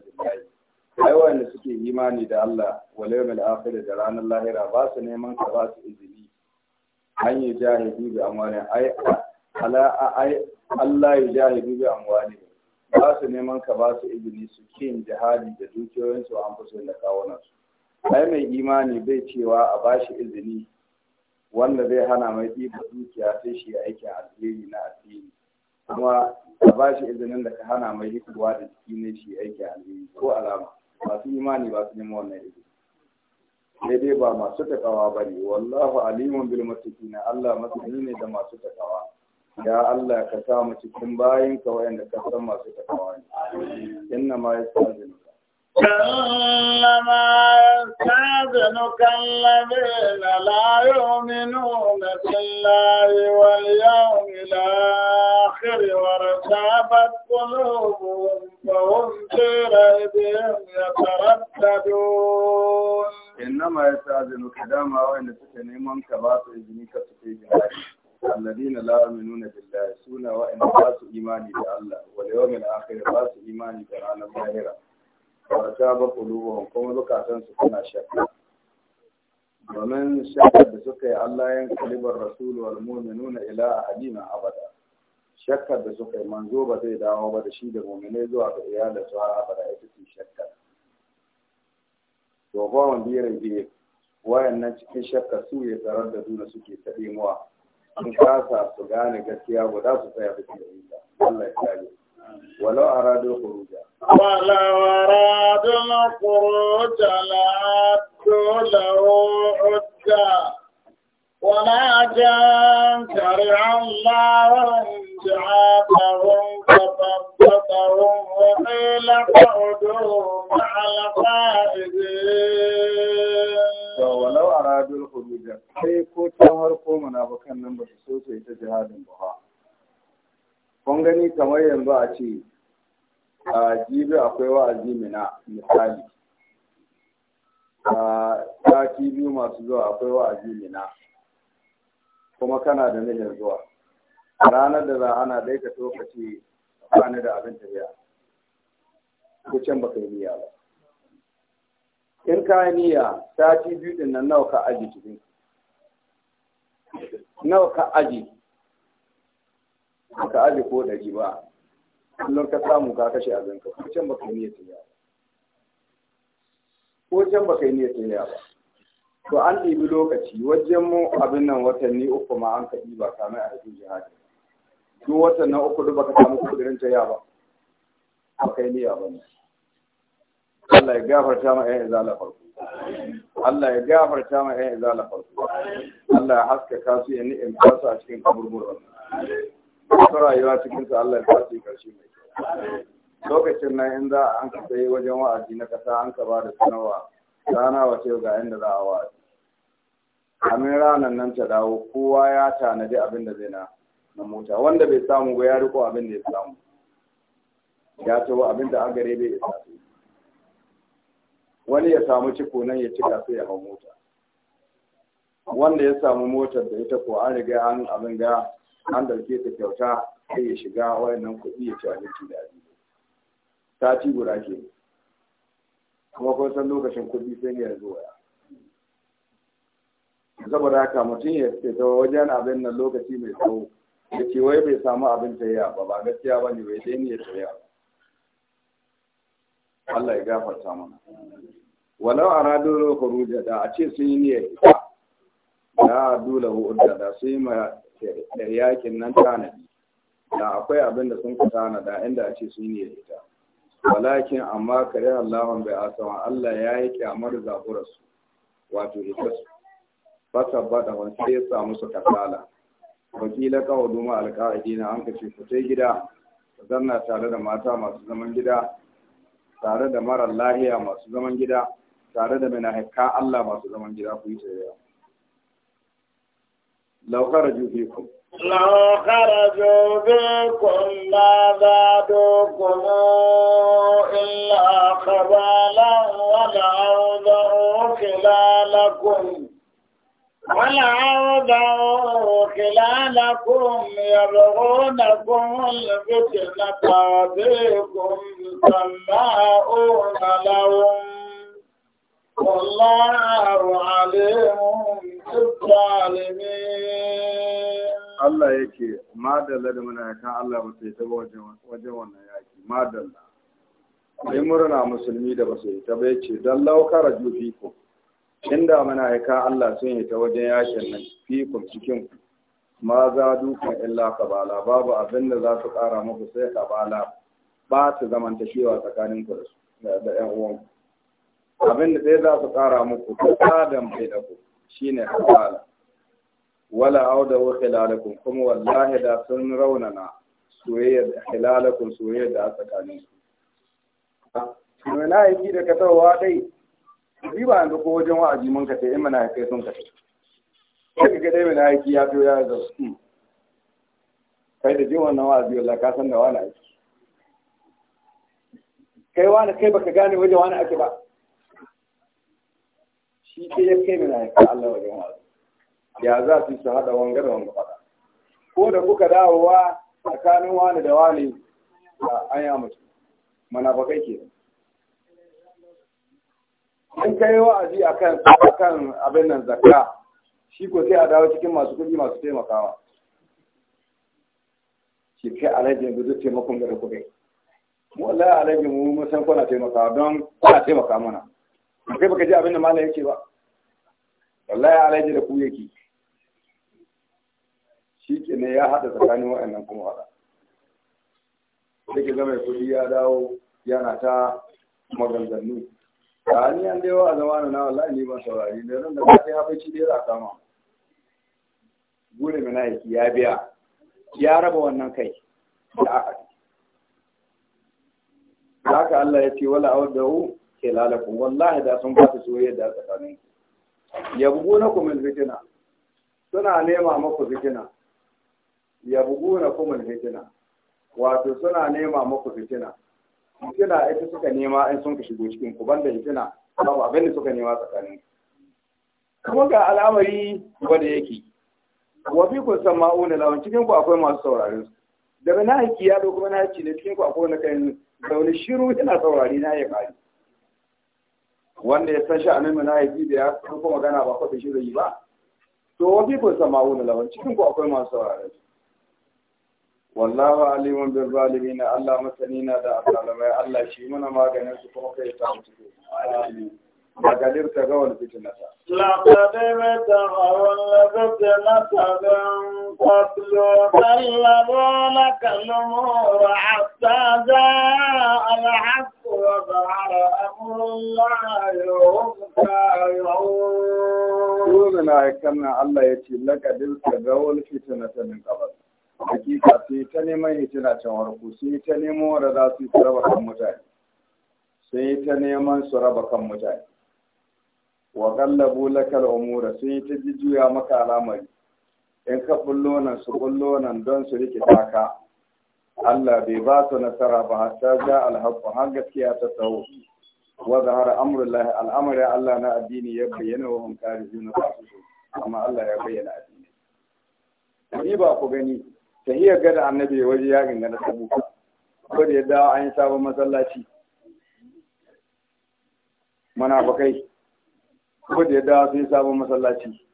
Speaker 1: wayanda suke imani da Allah wal yawmil da ranar lahira ba su neman ka ba su izini an yi jahidi bi amwani ai ala ai Allah ya jahidi bi amwani ba su neman ka ba su izini su kin jihadi da dukiyoyinsu an fi da kawunan su ai mai imani bai cewa a ba shi izini wanda zai hana mai ɗiba dukiya sai shi aikin alheri na asiri kuma a ba shi izinin da ka hana mai hikuwa da jiki ne shi aikin alheri ko alama masu imani ba su neman wannan izini sai dai ba masu takawa ba ne wallahu alimun bil muttaqina Allah masani ne da masu takawa ya Allah ka sa mu cikin bayin ka wayanda ka san masu takawa ne inna ma yastazinuka
Speaker 2: إنما يستأذنك الذين لا يؤمنون بالله واليوم الآخر وارتابت قلوبهم فهم في ريبهم
Speaker 1: يترددون innama ya sa zinu ka dama wanda suke neman ka ba su izini ka su kai jihadi alladina la aminuna billahi suna wa'anda ba su imani da Allah wal yawmil akhir ba su imani da ranar lahira wa ta ba qulubuhum kuma zukatan su suna shakka domin shakkar da suka yi Allah yan kalibar rasul wal mu'minuna ila ahadina abada shakkar da suka yi manzo ba zai dawo ba da shi da mu'minai zuwa ga iyalansu har abada ita wa ba wanda wayannan cikin shakka su ya tsarar da duna suke ta mawa, sun kasa su gane gaskiya ba za su tsaya da ke da Allah ya kare walau rado kuruja.
Speaker 2: walau aradu khuruja la tulahu udda jan كره الله استعابهم فثبتهم وقيل اقعدوا مع
Speaker 1: ko can harko munafukan nan ba su so su yi ta ba kun gani kamar yanzu a ce a jibi akwai wa'azi mina misali a sati biyu masu zuwa akwai wa'azi mina kuma kana da mijin zuwa ranar da za ana dai ka to ka ce bani da abin tafiya ko can baka yi niyya ba in ka yi niyya ci biyu din nan nawa ka aji cikin nawa ka aji ka aji ko ɗari ba kullum ka samu ka kashe abin ka ko can baka yi niyya tafiya ba ko can baka yi niyya tafiya ba to an ɗibi lokaci wajen mu abin nan watanni uku ma an ka ɗiba kamar a rikin jihadi duk watan na uku duk baka samu kudirin ta ya ba kai niyya ba ne Allah ya gafarta ma ƴan izala farko Allah ya gafarta ma ƴan izala farko Allah ya haskaka su ya ni'im su a cikin kaburburan su rayuwa cikin ta Allah ya fasi karshe mai lokacin nan in za a an ka sai wajen wa'azi na kasa an ka ba da sanarwa rana wace ga inda za a wa'azi amin ranar nan ta dawo kowa ya tanadi abin da zai na na mota wanda bai samu ba ya riko abin da ya samu ya wa abin da an gare bai isa su wani ya samu ciko nan ya cika sai ya hau mota wanda ya samu motar da ita ko an riga an abin ga an dauke ta kyauta sai ya shiga wayannan kuɗi ya ci abinci da abin sati guda ke kuma kun san lokacin kuɗi sai ya zo ya saboda haka mutum ya ta wajen abin nan lokaci mai tsawo ya ce wai bai samu abin tsayiya ba ba gaskiya ba ne bai dai ne ya tsayiya Allah ya gafarta mana walau a radon huruja da a ce sun yi niyyar ita da a da sun yi ma da yakin nan tanadi da akwai abin da sun na da inda a ce sun yi niyyar ita walakin amma kare Allahun bai asawa Allah ya yi kyamar zaburarsu wato ita su. fasa da wani sai ya samu su kasala wakila kawo duma alka'adi na an kace ku tai gida ku zanna tare da mata masu zaman gida tare da mara lahiya masu zaman gida tare da mai haika Allah masu zaman gida ku yi tsayayya laukar jufiku
Speaker 2: لو خرجوا بكم ما زادوكم إلا kila na خلالكم والعرض خلالكم يبغونكم الفتنة وفيكم سماؤون لهم والله عليم بالظالمين
Speaker 1: Allah yake madalla da manayakan Allah ba su yi ta wajen wannan yaki madalla. Ai murna musulmi da ba su yi ta laukara jufi ko. inda mala'ika Allah sun yi ta wajen yakin nan fikun cikin ma za dukan illa kabala babu abin da za su kara muku sai kabala ba su zamantakewa tsakanin ku da ƴan uwan abin da sai za su kara muku adam bai da ku shine kabala wala auda wa khilalakum kuma wallahi da sun raunana soyayya da khilalakum soyayya da tsakanin ku. Mai na yi da katawa dai riba yanzu ko wajen wa'azi mun ka in mana kai sun ka sai sai ga dai mana yaki ya to ya zo hmm, kai da jin wannan wa'azi wallahi ka san da wani aiki kai wani kai baka gane wajen wani ake ba shi ke ya kai mana yaki Allah wajen wa'azi ya za su su haɗa wanga da wanga faɗa ko da kuka dawowa tsakanin wani da wani a an yi mana ba kai kenan in kai wa'azi akan akan abin nan zakka shi ko sai a dawo cikin masu kuɗi masu taimakawa shi kai alhaji yanzu duk taimakon ga da kuɗi mu ya alhaji mu mun san kuna taimakawa don kuna taimaka mana kai baka ji abin da malam yake ba wallahi alhaji da ku yake shi ke ne ya haɗa tsakanin wa'annan kuma haɗa da ke zama kuɗi ya dawo yana ta maganganu a ni an yawa a zamana na wallahi ni ban saurari da ran da kai habaici dai za kama gure mana yake ya biya ya raba wannan kai da aka haka Allah ya ce wala awdahu khilalakum wallahi da sun fata soyayya da tsakanin yabghunakum al fitina. suna nema maku fitina Ya yabghunakum al fitina. wato suna nema maku fitina fitina ita suka nema in sun ka shigo cikin ku banda fitina babu abin da suka nema tsakanin kuma ga al'amari wanda yake wa fi kun san ma'una lawan cikin ku akwai masu saurare su da ba nahiki ya kuma nahici ne cikin ku akwai wani kan zaune shiru yana saurari na ya kare wanda ya san sha'anin munahiki da ya kuma magana ba da shi zai yi ba to wa fi kun san ma'una lawan cikin ku akwai masu saurare والله عليم بالظالمين الله مسنين هذا الظالم يا الله شي من ما كان يسوق ما قدر تقول في جنة
Speaker 2: لقد تغلبت نسبا قبل كلمونا كالنمور حتى جاء الحق وظهر امر الله
Speaker 1: وهم كافرون. دون ما يكمل الله يتي لك دلت قول في سنة من قبل. hakika sai ta neman tana can warku sai ta neman wanda za su yi su raba kan mutane sai ta neman su raba kan mutane wa gallabu lakal umura sai ta ji juya maka al'amari in ka bullo nan su bullo nan don su rike taka Allah bai ba su nasara ba ta ja alhaqqu har gaskiya ta tsawo wa zahara amrullahi al'amari Allah na addini ya bayyana wa su karijuna amma Allah ya bayyana addini ni ba ku gani tahiyar gada annabi ya waje ya gangana tabuka ko da ya dawo an yi sabon masallaci bakai. ko da ya dawo sun yi sabon masallaci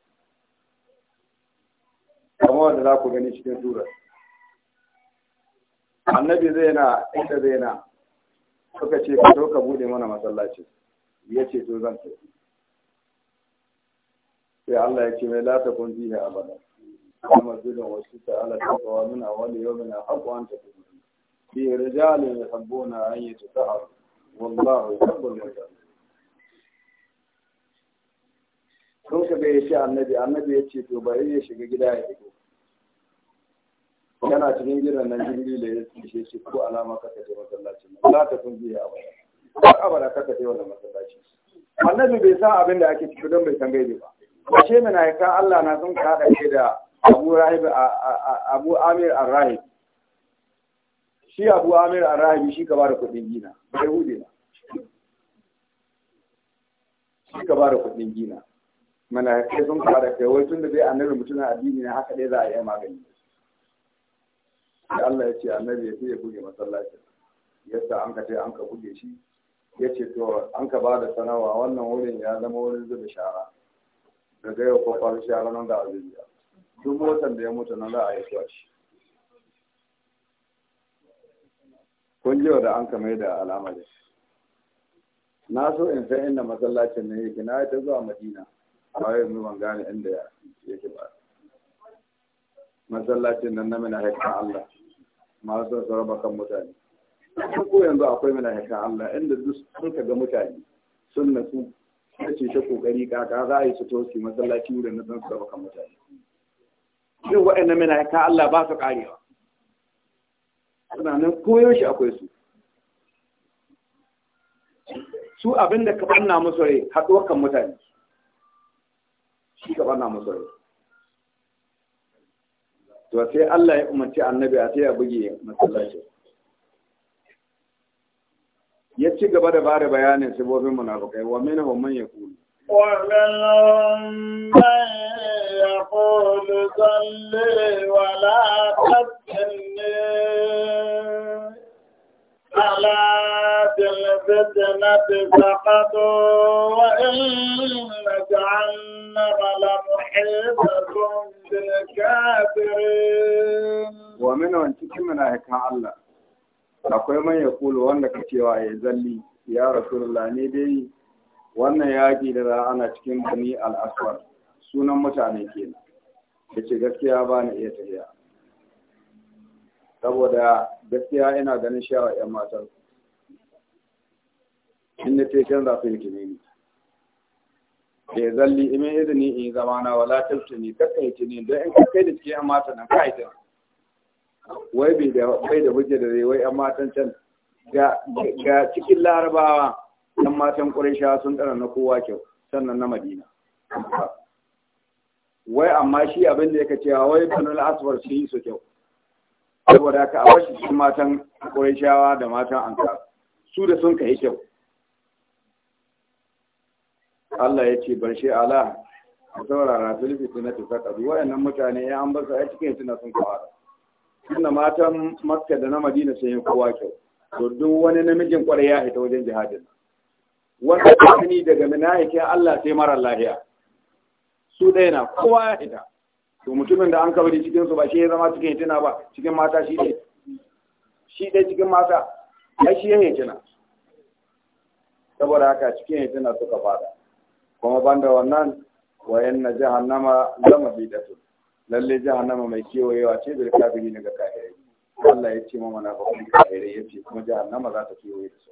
Speaker 1: kamar wanda za ku gani cikin surar annabi zai na inda zai na suka ce ka to ka bude mana masallaci ya ce to zan tafi sai Allah ya ce mai lata kun a abada أما جدا وشيت على تقوى من أول يوم أحق أن تكون في رجال يحبون أن يتسعر والله يحب المتعلم sun ka ga ya ce annabi annabi ya ce to bari ya shiga gida ya shigo yana cikin gidan nan jirgi da ya tsince shi ko alama kaka ce masallacin za ta sun biya abada ko abada kaka ce wannan masallaci annabi bai san abin da ake ciki don bai san gaibe ba ashe mina ya kan Allah na sun ka hada ke da abu amir ar-rahib shi abu amir ar-rahib shi ka bada kudin gina bai hude na shi ka bada kudin gina mana kai sun ka da kai wai tun da bai annabi mutum addini na haka dai za a yi magani sai Allah ya ce annabi ya ce ya buge masallacin yasa an ka sai an ka buge shi ya ce to an ka ba da sanawa wannan wurin ya zama wurin zuba shara daga yau kwakwar shara nan da azubiya duk watan da ya mutu na za a yi zuwa shi kun ji da an kamar da alamar na so in san inda masallacin ne yake na ta zuwa madina a wai yanzu ban gane inda yake ba masallacin nan na mina haikan allah masu son su raba kan mutane ko yanzu akwai mina haikan allah inda duk sun ga mutane sun nasu ta ce ta kokari kaka za a yi su tosi masallaci wurin na san su raba kan mutane duk waɗannan mina ka Allah ba su ƙarewa suna nan koyaushe akwai su su abin da kaɓar na musu rai haɗuwar kan mutane shi kaɓar na musu rai to sai Allah ya umarci annabi a sai ya buge masallacin ya ci gaba da da bayanin sabobin munafukai wa wa man yaqulu wa minhum man يقول صلي ولا
Speaker 2: تفتني ألا بالفتنة سقطوا وإن جهنم لمحيطة بالكافرين
Speaker 1: ومنهم تكمنا هيك الله akwai man ya kula wanda ka cewa ya zalli ya rasulullah ne dai wannan yaƙi da ana cikin bani al sunan mutane kenan ya ce gaskiya ba na iya tafiya saboda gaskiya ina ganin shawar 'yan matan inda ce ce za su yi ne? ke zalli imin izini in zama na wala ne, kakka yi tunini don in kakkai da cikin 'yan matan nan ka haifin wai bai da hujja da zai wai 'yan matan can ga cikin larabawa 'yan matan sha sun ɗara na kowa kyau sannan na madina wai amma shi abin da yake cewa wai banul aswar shi su kyau saboda ka a shi matan ƙurayshawa da matan anka su da sun kai kyau Allah ya ce bar shi ala a saurara filifi suna ta saka wayannan mutane ya an basa a cikin suna sun kawara da matan makka da na madina sun yi kowa kyau to duk wani namijin ƙwarai ya ita wajen jihadin wanda ta daga yake Allah sai mara lahiya su ɗaya na kowa ya hita to mutumin da an kawai cikin su ba shi ya zama cikin hitina ba cikin mata shi ne shi ɗaya cikin mata ai shi ya hitina saboda haka cikin hitina suka fada kuma banda wannan wayan na jahannama da su lalle jahannama mai kewayewa ce bil kafiri na ga kafirai Allah ya ce ma mana ba kuma kafirai ya ce kuma jahannama za ta kewaye da su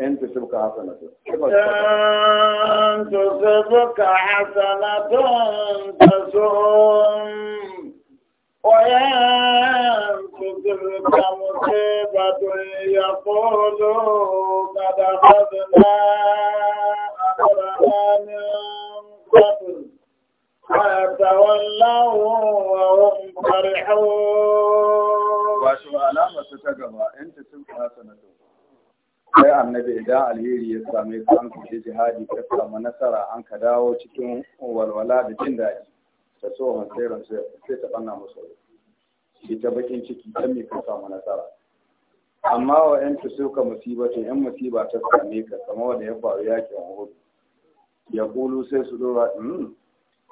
Speaker 1: انت سبك حسنة
Speaker 2: انت سبك حسنة تسوم انت سبك مصيبة يقولوا قد أخذنا أمرنا قبل ويتولوا وهم فرحون.
Speaker 1: وشو علامة أنت تبقى حسنة sai annabi idan alheri ya same ka an kashe jihadi ka samu nasara an ka dawo cikin walwala da jin daɗi ta so hasirin sai ta banna musu shi ta bakin ciki ta me ka samu nasara amma wa yan ta suka ta yan musiba ta same ka kamar wanda ya faru yakin hudu ya kulu sai su dora hmm,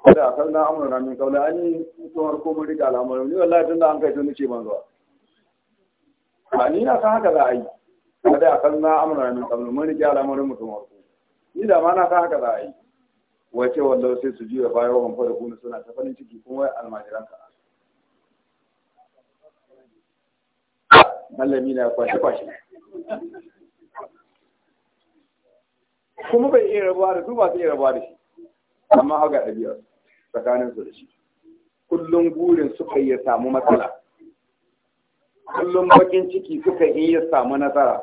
Speaker 1: kada a kallon na min kaula an yi tun komai mun rika al'amuran ni wallahi tun da an kai tun ce ban zuwa ba ni na san haka za a yi da, a kan na amura min kabul mun rike al'amarin mutum wasu ni da ma na san haka za a yi wace wallau sai su juya bayan wa hanfa da kuma suna ta farin ciki kuma wai almajiran ka mallami na kwashe kwashe kuma bai iya rabuwa da su ba su iya rabuwa da shi amma haka ɗabi'ar tsakanin su da shi kullum burin suka iya samu matsala kullum bakin ciki suka iya samu nasara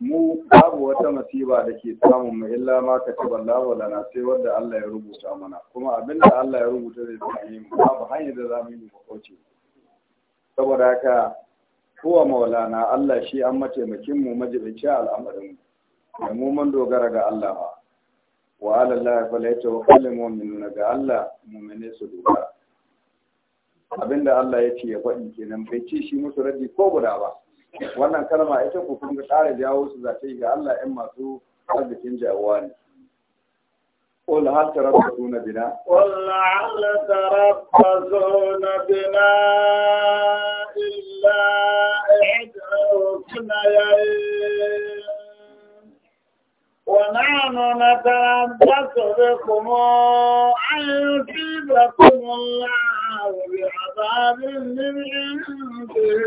Speaker 1: mu babu wata masiba da ke samun mu illa ma ka ci wala na sai wanda Allah ya rubuta mana kuma abinda Allah ya rubuta zai yi mu babu hanyar da za mu yi kauce saboda haka kowa maulana Allah shi an mataimakin mu majibinci al'amarin mu da mu mun dogara ga Allah ba wa ala Allah fa la mu'minuna ga Allah mu'mine su dogara abinda Allah ya ce ya faɗi kenan bai ce shi musu radi ko guda ba wannan kalma ita ku kun ƙara jawo su zace ga Allah ɗan masu arzikin jawuwa ne. قل هل تربصون بنا
Speaker 2: قل هل تربصون بنا إلا إحدى ونحن نتربص بكم أن يصيبكم الله الله بعذاب من عنده يوم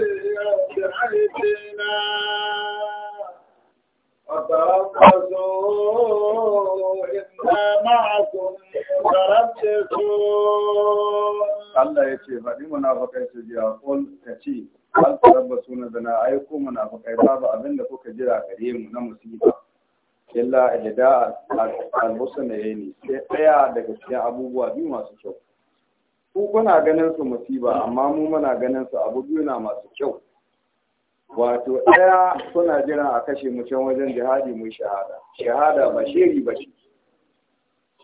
Speaker 1: Allah ya ce faɗi munafakai su jira kul ka ce an tarabba suna da na aiko munafakai babu abin da kuka jira gare mu na musiba illa ihda al-husna ne sai ɗaya daga cikin abubuwa biyu masu kyau ku kuna ganin su musiba amma mu muna ganin su abu biyu na masu kyau wato ɗaya kuna jiran a kashe mu can wajen jihadi mu shahada shahada ba sheri ba ce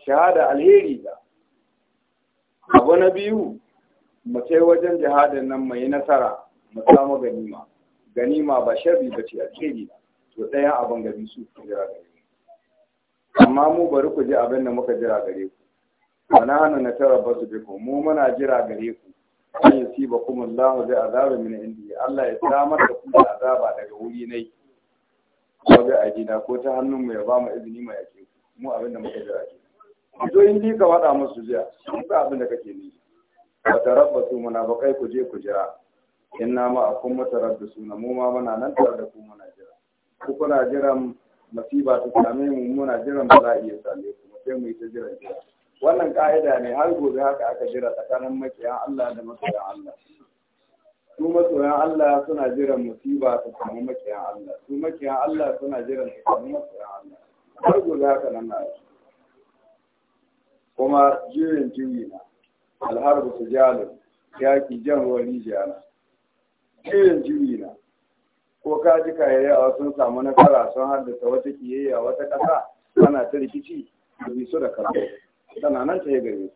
Speaker 1: shahada alheri da abu na biyu mu sai wajen jihadin nan mai nasara mu samu ganima ganima ba sharri ba ce alheri da, to ɗaya abin gari su ku jira gare amma mu bari ku ji abin da muka jira gare ku wala na na tarabbasu bikum mu muna jira gare ku an yusiba kum Allah bi azabi min indi Allah ya samar da ku azaba daga wuri nai ko ga ajina ko ta hannun mu ya ba mu izini mai yake mu abinda da muka jira ke to in dika wada musu jiya su ka abin da kake ni wa ba kai ku je ku jira inna ma akum mutarabbisuna mu ma muna nan tare da ku muna jira ku kuna jiran masiba ta same mu muna jiran bala'i ya same ku sai mu yi ta jiran jira wannan ka'ida ne har gobe haka aka jira tsakanin makiyan Allah da masoyan Allah su masoyan Allah suna jiran musiba ta samu makiyan Allah su makiyan Allah suna jiran su samu masoyan Allah har gobe haka nan na yi kuma juyin juyi na alharbu su jalo yaki jan Wani, Jana. juyin juyi na ko ka ji kayayyawa sun samu nasara sun haddasa wata kiyayya wata ƙasa ana ta rikici da su da karɓo tana nan ta gare su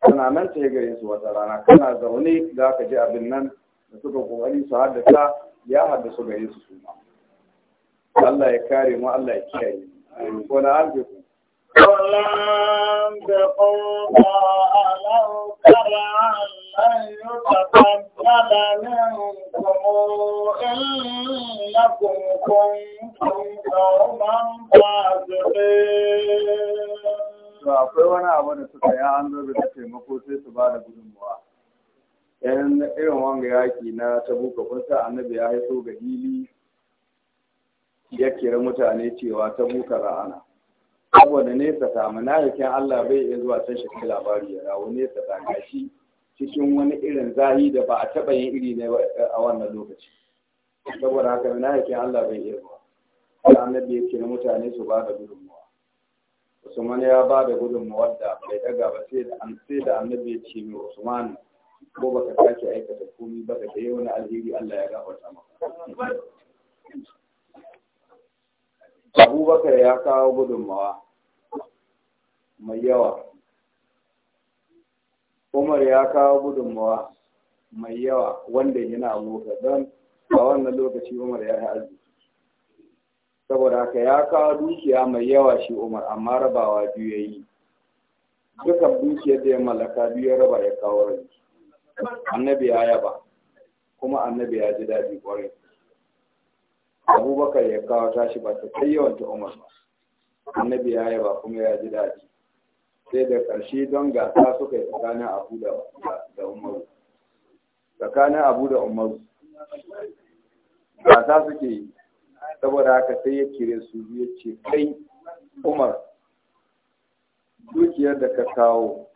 Speaker 1: tana nan ta gare su wata rana kana zaune za ka ji abin nan da suka kokari su haddasa ya haddasa gare su su ma Allah ya kare mu Allah ya kiyaye ko na alfiku
Speaker 2: ولن تقول ألو كرها لن يتقبل منكم إنكم كنتم قوما فاسقين
Speaker 1: to akwai wani abu da suka yi an zo da taimako sai su ba da gudunmawa yan irin wanga yaki na tabuka kun sa annabi ya haifo ga hili ya kira mutane cewa tabuka ra'ana saboda nesa ta munafikin Allah bai iya zuwa can shi labari ya rawo nesa ta gashi cikin wani irin zahi da ba a taɓa yin iri ne a wannan lokaci saboda haka munafikin Allah bai iya zuwa annabi ya kira mutane su ba da gudunmawa Usman ya ba da gudun da bai daga ba sai da an sai da annabi ya ce mai Usman ko baka sake aikata komai ba da yau na alheri Allah ya gafarta maka. Abubakar ya kawo gudunmawa mai yawa. Umar ya kawo gudunmawa mai yawa wanda yana abokan don a wannan lokaci Umar ya yi arziki. saboda haka ya kawo dukiya mai yawa shi umar amma rabawa biyu ya yi dukiyar da ya mallaka biyu ya raba ya kawo rai annabi ya yaba kuma annabi ya ji daɗi kwarai abubakar ya kawo tashi ba ta kai yawan ta umar ba annabi ya yaba kuma ya ji daɗi sai da ƙarshe don gasa suka yi tsakanin abu da umaru tsakanin abu da umaru gasa suke yi saboda haka sai ya kire su ya ce kai umar dukiyar da ka kawo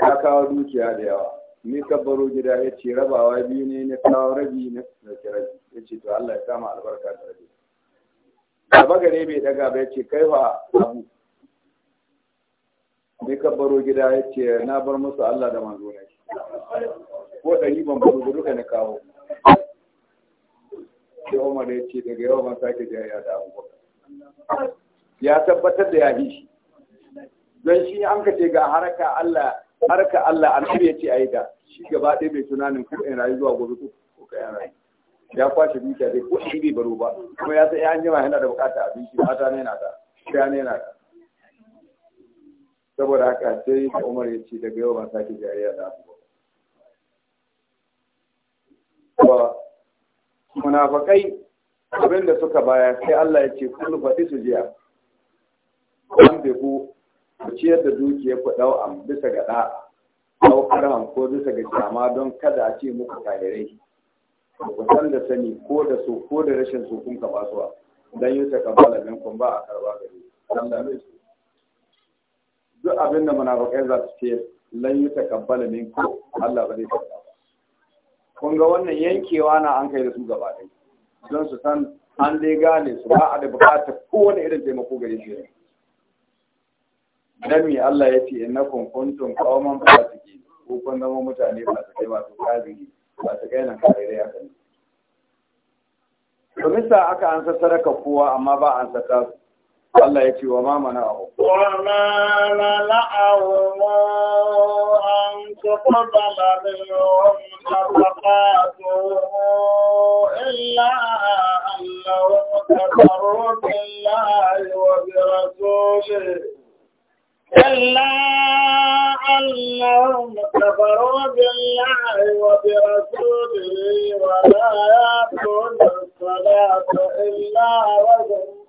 Speaker 1: ka kawo dukiya da yawa ni ka baro gida ya ce rabawa biyu ne na kawo rabi na ɗauki rabi ya ce to Allah ya kama albarka da rabi gaba gare bai daga ba ya ce kai wa abu ni ka baro gida ya ce na bar musu Allah da manzo ne ko ɗari ban baro duka na kawo sai Umar ya ce daga yau ban sake ya da Abubakar ya tabbatar da ya yi shi don shi an ka ce ga haraka Allah haraka Allah an ya ce ayi da shi gaba ɗaya mai tunanin ko in rayu zuwa gobe ko kai rayu ya kwashe dukiya dai ko shi bai baro ba kuma ya san ya jima yana da bukata abinci mata ne na da ya ne na da saboda haka sai da Umar ya ce daga yau ban sake ya da Abubakar munafakai abin da suka baya sai Allah ya ce kullu faɗi su jiya an bai ku ciyar da dukiyar ku am bisa ga ɗa ɗaukar ko bisa ga jama don kada a ce muku kahirai ku san da sani ko da so ko da rashin so kun ka basuwa dan yi ta kabbala kun ba a karba gare Allah ne duk abin da munafakai za su ce lan yi ta kabbala minkum Allah ba zai Kunga ga wannan yankewa na an kai da su gaba ɗaya don su san an dai gane su ba a da buƙatar kowane irin taimako gare shi dan me Allah ya ce kun kuntum qauman fasiqin ko kun zama mutane ba su kai ba su kazini ba su kai nan kare da kan to misa aka ansa sadaka kowa amma ba an saka Allah ya ce wa ma mana'ahu
Speaker 2: wa ma mana'ahu تقبل منهم نفقاته إلا أنهم كفروا بالله وبرسوله إلا أنهم كفروا بالله وبرسوله ولا يأتون الصلاة إلا وهم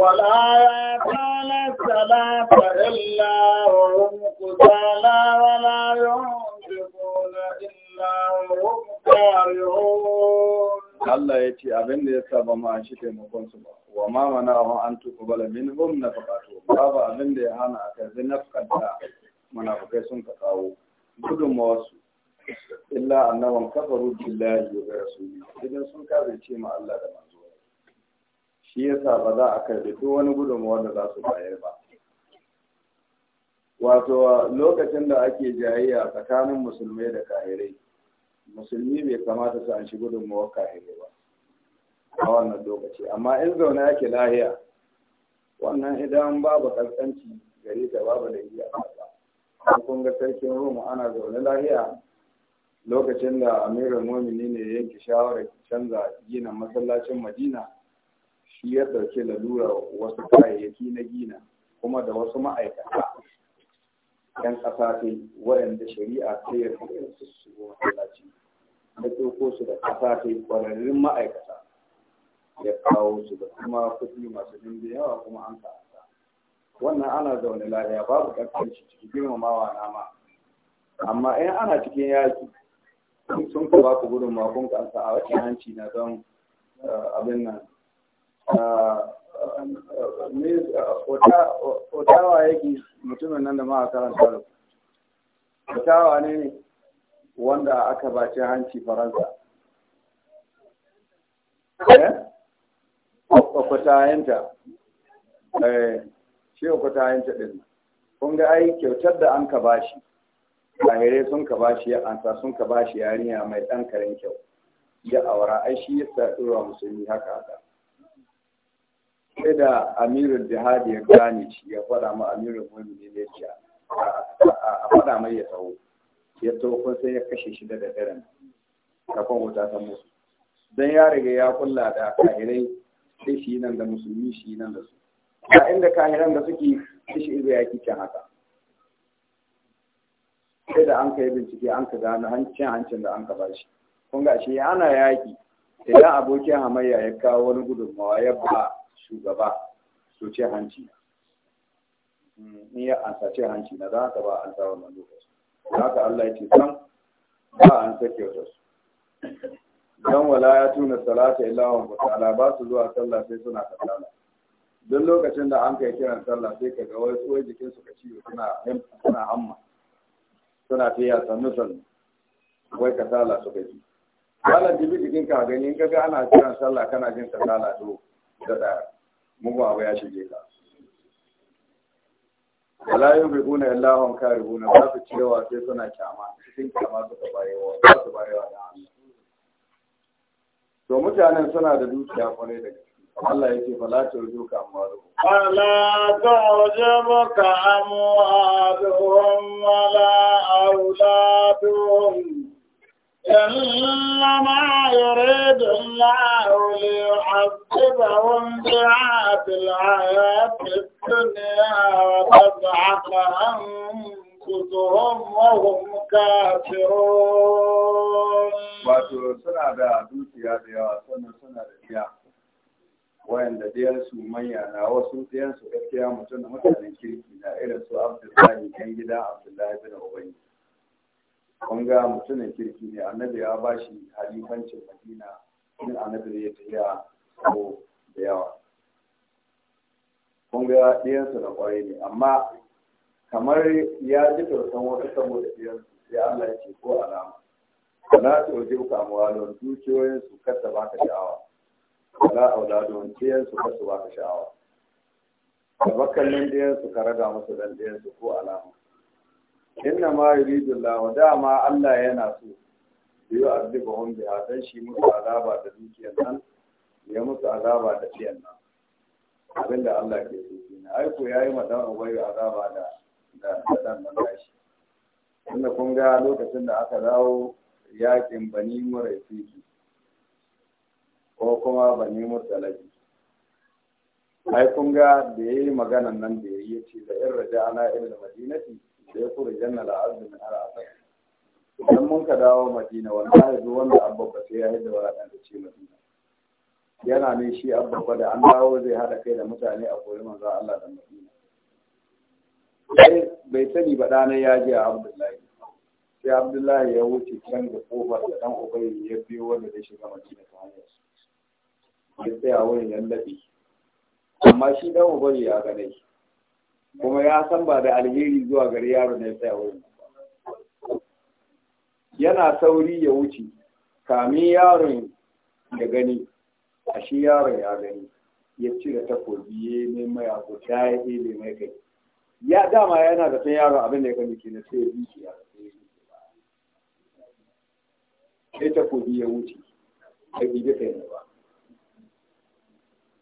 Speaker 2: ولا يأتون الصلاة إلا وهم كسالى ولا ينفقون إلا وهم كارهون
Speaker 1: Allah ya ce abin da ya sa ba ma shi taimakon su ba wa ma mana a an tuku bala min hum na fakatu babu abin da ya hana a kai na mana munafukai sun ka kawo gudunmawarsu illa annaban kafaru billahi wa rasuli idan sun kafirce ma Allah da ma shi yasa ba za a karɓi duk wani gudunmawar da za su bayar ba wato lokacin da ake jayayya tsakanin musulmai da kahirai musulmi bai kamata su an shi gudunmawar kahirai ba a wannan lokaci amma in zaune ake lahiya wannan idan babu kaskanci gari ta babu da iya kasa kun ga sarkin rumu ana zaune lahiya lokacin da Amirul momini ne yanke shawarar canza gina masallacin madina shi ya ɗauki lalura wasu kayayyaki na gina kuma da wasu ma'aikata ‘yan ƙasa kai waɗanda shari'a ta yi su su masallaci na ɗauko su da ƙasa yi ƙwararrun ma'aikata ya kawo su da kuma kuɗi masu dimbin yawa kuma an kasa wannan ana zaune lafiya babu ƙarfanci cikin girmamawa na ma amma in ana cikin yaƙi sun ka ba ku gudun makon kansa a wacce hanci na don eh, abin nan Otawa yake mutumin nan da ma karanta da Otawa ne ne wanda aka bace hanci Faransa. Eh? Okwatayenta. Eh, shi okwatayenta ɗin. Kun ga ai kyautar da an ka bashi. Bahirai sun ka bashi ya ansa sun ka bashi yariya mai ɗan karin kyau. Ya aura ai shi ya sa ɗora musulmi haka haka. sai da amirin jihadi ya gane shi ya fada ma amirin wani ne ce a faɗa mai ya tsawo ya taho sai ya kashe shi da daren kafin wuta ta musu don ya riga ya kulla da kahirai sai shi nan da musulmi shi nan da su a inda kahiran da suke sai shi izo ya kice haka sai da an kai bincike an ka gano hancin hancin da an ka bashi kun ga shi ana yaki idan abokin hamayya ya kawo wani gudunmawa ya ba shugaba su ce hanci ni ya ansa ce hanci na za ka ba an sa wannan lokaci ka Allah ya ce san ba an sa kyauta su dan wala ya tuna salata illa wa ta'ala ba su zuwa sallah sai suna kasala don lokacin da an kai kiran sallah sai ka ga wai tsohon jikin su ka ciwo suna suna hamma suna tiya sannu sannu wai kasala su ji wala jibi jikin ka gani in ka ga ana kiran sallah kana jin kasala to da mugu abu ya shige ka wala yau bai guna yalla wan kare guna ba su cewa sai suna kyama cikin kyama suka bayewa ba su bayewa da hannu. to mutanen suna da dukiya kwarai da gaske Allah ya ce fala ta rujo ka amwalu
Speaker 2: fala ta rujo ka amwalu wala auladuhum إنما يريد الله ليعذبهم بها في الحياة الدنيا وتزعق أنفسهم وهم
Speaker 1: كافرون. wato suna da dukiya da yawa sannan suna da iya wayanda ɗayansu manya na wasu ɗayansu gaskiya mutum da mutanen kirki na irin su abdullahi kan gida abdullahi bin ubangi kun ga mutumin kirki ne annabi ya ba shi halifancin madina in annabi ya tafiya ko da yawa kun ga ɗiyansu da ƙwarai ne amma kamar ya ji tausan wata saboda ɗiyansu sai Allah ya ce ko alama Na ta waje uka amwalon dukiyoyin su kasa baka sha'awa wala auladon ɗiyan su kasa baka sha'awa tabakkan nan ɗiyan ka raga musu dan ɗiyan ko alama inna ma yuridu Allah dama Allah yana so yi azaba hum bi hadan shi musu azaba da dukiyar nan ya musu azaba da tsiyan nan abinda Allah ke so kenan ai ko yayi ma dan ubai azaba da da dan nan gashi inda kun ga lokacin da aka dawo yakin bani shi, ko kuma bani murtalabi ai kun ga da yayi maganan nan da yayi ce da in raja'ana ila madinati da ya kuri janna la arzu min idan mun ka dawo madina wanda ya duk wanda abba sai ya hidda wa da ce madina yana ne shi abba da an dawo zai haɗa kai da mutane a koyi manzo Allah da madina bai sani ba dana ya je a Abdullahi sai Abdullahi ya wuce can da kofar da ɗan ubayi ya biyo wanda zai shiga madina ta hanyar ya tsaya wurin yan labi amma shi dan ubayi ya ganai kuma ya san ba da alheri zuwa gari yaro ne sai wurin yana sauri ya wuce kami yaron da gani a shi yaron ya gani ya cire takobi ya yi mai abu ta yi ile mai kai ya dama yana da san yaron abin da ya kan ke na sai ya bi ya sai takobi ya wuce ya bi ta yi ba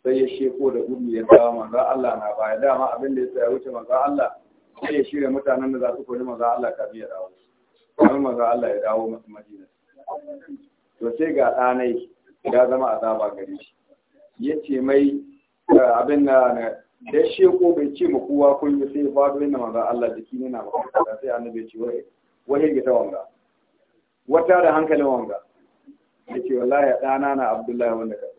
Speaker 1: sai ya sheko da gudu ya kawo manzo Allah na baya dama abin da ya sa wuce manzo Allah sai ya shirya mutanen da za su kori manzo Allah ka biya dawo kamar manzo Allah ya dawo masu Madina to sai ga ɗanai ya zama azaba gare shi ya ce mai abin na da ya sheko bai ce ma kowa kun yi sai fado yana manzo Allah jiki ne na makarata sai annabi ya ce wai wai gita wanga wata da hankalin wanga ya ce wallahi ɗana na Abdullahi wanda ka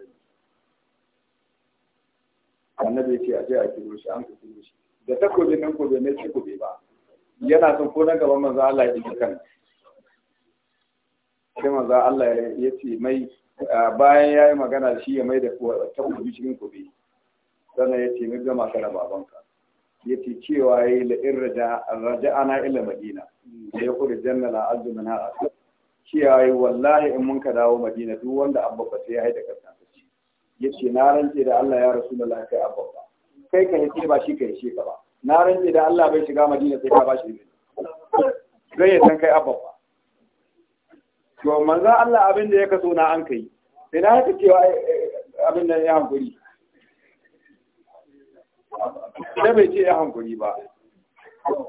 Speaker 1: annabi ce a je a kiro shi an kiro shi da nan ne ba yana son ko nan gaban manzo Allah ya yi kan sai bayan ya yi magana shi ya mai da takobi cikin kobe sannan ya ce mai gama ya ce cewa ya yi la'in ila madina da ya kuri a cewa ya yi wallahi in mun ka dawo madina duk wanda abba sai ya haida kasa ya ce na rantse da Allah ya rasu da lafiya a babba kai ka yace ba shi ka yace ka ba na rantse da Allah bai shiga madina sai ka ba shi zai ya san kai a babba to manza Allah abin da ya kaso na an kai sai na haka cewa eh, eh, abin da ya hankuri sai bai ce ya hankuri ba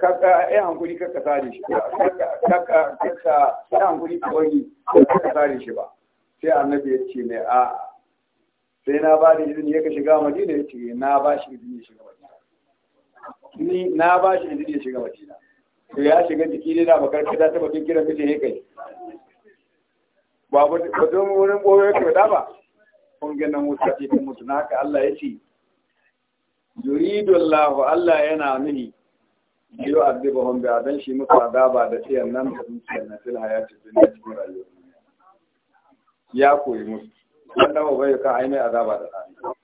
Speaker 1: kaka ya hankuri kaka sare shi kaka kaka ya hankuri kawai kaka sare shi ba sai annabi ya ce mai a'a sai na ba da izini ya ka shiga madina ya ce na ba shi izini ya shiga madina ni na ba shi izini ya shiga madina to ya shiga jiki ne na bakar kada ta bakin kiran kace ya kai ba ba don wurin boye ka da ba kun ga nan wuta ce ta mutu naka Allah ya ce yuridu Allah Allah yana mini. yiro azabahum bi adan shi muku azaba da tsiyan nan da tsiyan na fil hayati dunya cikin rayuwa ya koyi musu an dawo bai ka ainihin azaba da tsari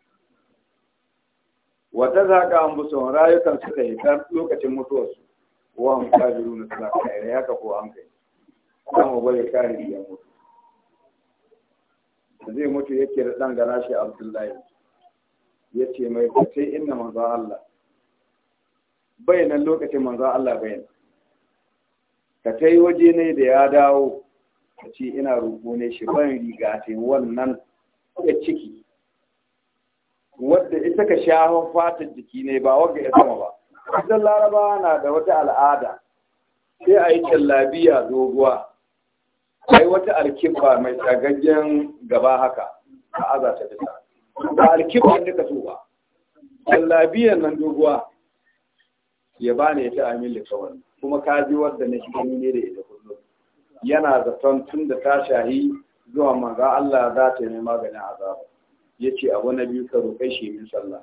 Speaker 1: wata zaka an buson rayukan suka yi kan lokacin mutuwarsu wa an kajiru na suna kare haka ko an kai an bai kare ya mutu zai mutu yake da dan gana shi abdullahi ya ce mai kace inna manzo Allah bai nan lokacin manzo Allah bai nan ka yi waje ne da ya dawo ka ce ina roƙo ne shi ban riga ce wannan da ciki wadda ita ka shahon fatar jiki ne ba wadda ya sama ba idan laraba na da wata al'ada sai a yi kyallabiya doguwa sai wata alkibba mai tsagaggen gaba haka a aza ta fita ba alkibba ne ka so ba kyallabiyan nan doguwa ya ba ne ta amin likawar kuma ka ji wadda na shi ne da ita kullum yana zaton tun da ta shahi zuwa maza Allah za ta yi maganin azaba ya ce abu na biyu ka roƙe shi min sallah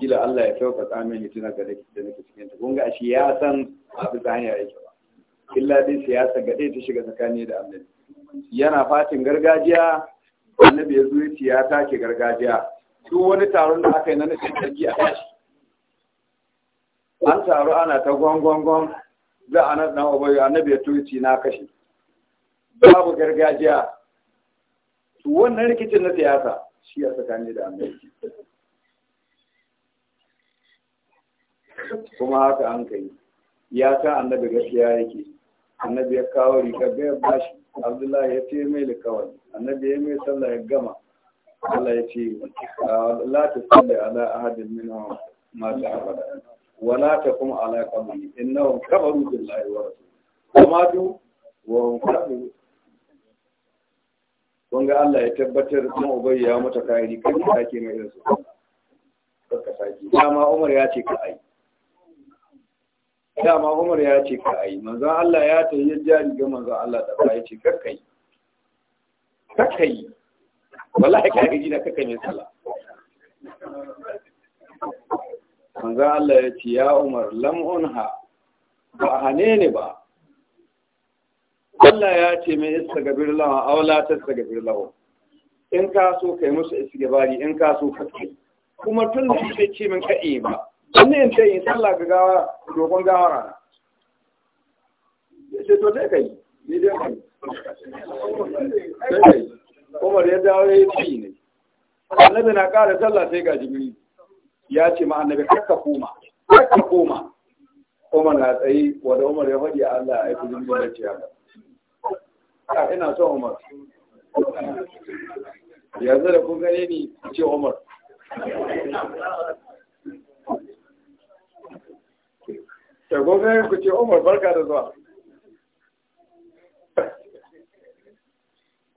Speaker 1: gila Allah ya kyau ka tsamin hituna ga da nake cikin ta gunga shi ya san abu ta hanyar yake ba illa dai siyasa ga ta shiga tsakani da annabi yana fatin gargajiya annabi ya zo yace ya take gargajiya duk wani taron da aka yi na nufin sarki a tashi an taro ana ta gwangwangwan za a nan dan ubayi annabi ya tuci na kashe babu gargajiya wannan rikicin na siyasa shi ya tsakani da amurki kuma haka an kai ya ta annabi gaskiya yake annabi ya kawo riga ga bashi abdullahi ya ce mai likawai annabi ya mai sallah ya gama Allah ya ce la ta salli ala ahadin minhum ma ta abada wala ta kuma ala qabri innahum kafaru billahi wa rasulihi kuma duk wa hum kafiru kun ga Allah ya tabbatar kuma ubai ya mata kayari kan ka sake mai irin su ka sake dama Umar ya ce ka ai dama Umar ya ce ka ai manzon Allah ya ta yi jari ga manzon Allah da ba ya ce kar kai kar kai wallahi ka gaji na kaka mai sala manzon Allah ya ce ya Umar lam unha ba hane ne ba Allah ya ce mai istagabir lawa aula ta istagabir lawa in ka so ka yi musu gabari in ka so ka kai kuma tun da shi ce min ka'i ba wannan yin tayin sallah ga gawa dogon Ya ce to dai kai ni dai kai kai kuma da ya dawo ya yi ne annabi na ƙara sallah sai ga jibiri ya ce ma annabi kakka koma kakka koma Umar na tsaye, wanda Umar ya faɗi Allah ya yi jirgin da ce a ah, ina son umar yanzu da kun gane ni ce umar da kun gane ku ce umar barka da zuwa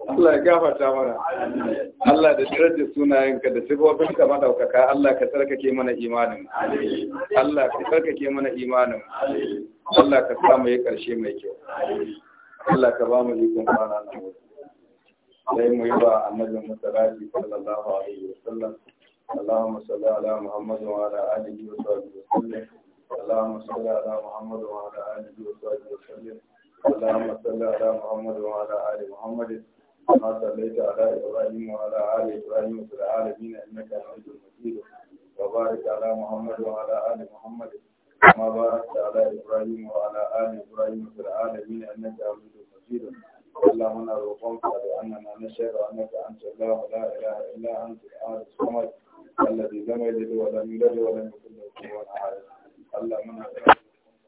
Speaker 1: Allah ya gafarta mana Allah da darajar sunayenka da sifofin ka madaukaka Allah ka tsarkake mana imanin Allah ka tsarkake mana imanin Allah ka samu ya karshe mai kyau Allah ka ba mu ikon kwana da wasu sai mu yi wa annabin masalaci sallallahu alaihi اللهم صل على محمد وعلى آله وصحبه وسلم اللهم صل على محمد وعلى آله وصحبه وسلم اللهم صل على محمد وعلى آل محمد كما صليت على إبراهيم وعلى آل إبراهيم في العالمين إنك حميد مجيد وبارك على محمد وعلى آل محمد كما باركت على إبراهيم وعلى آل إبراهيم في العالمين إنك حميد مجيد اللهم نرقمك بأننا نشهد أنك أنت الله لا إله إلا أنت الأحد الصمد الذي لم يلد ولم يولد ولم يكن له كفوا أحد اللهم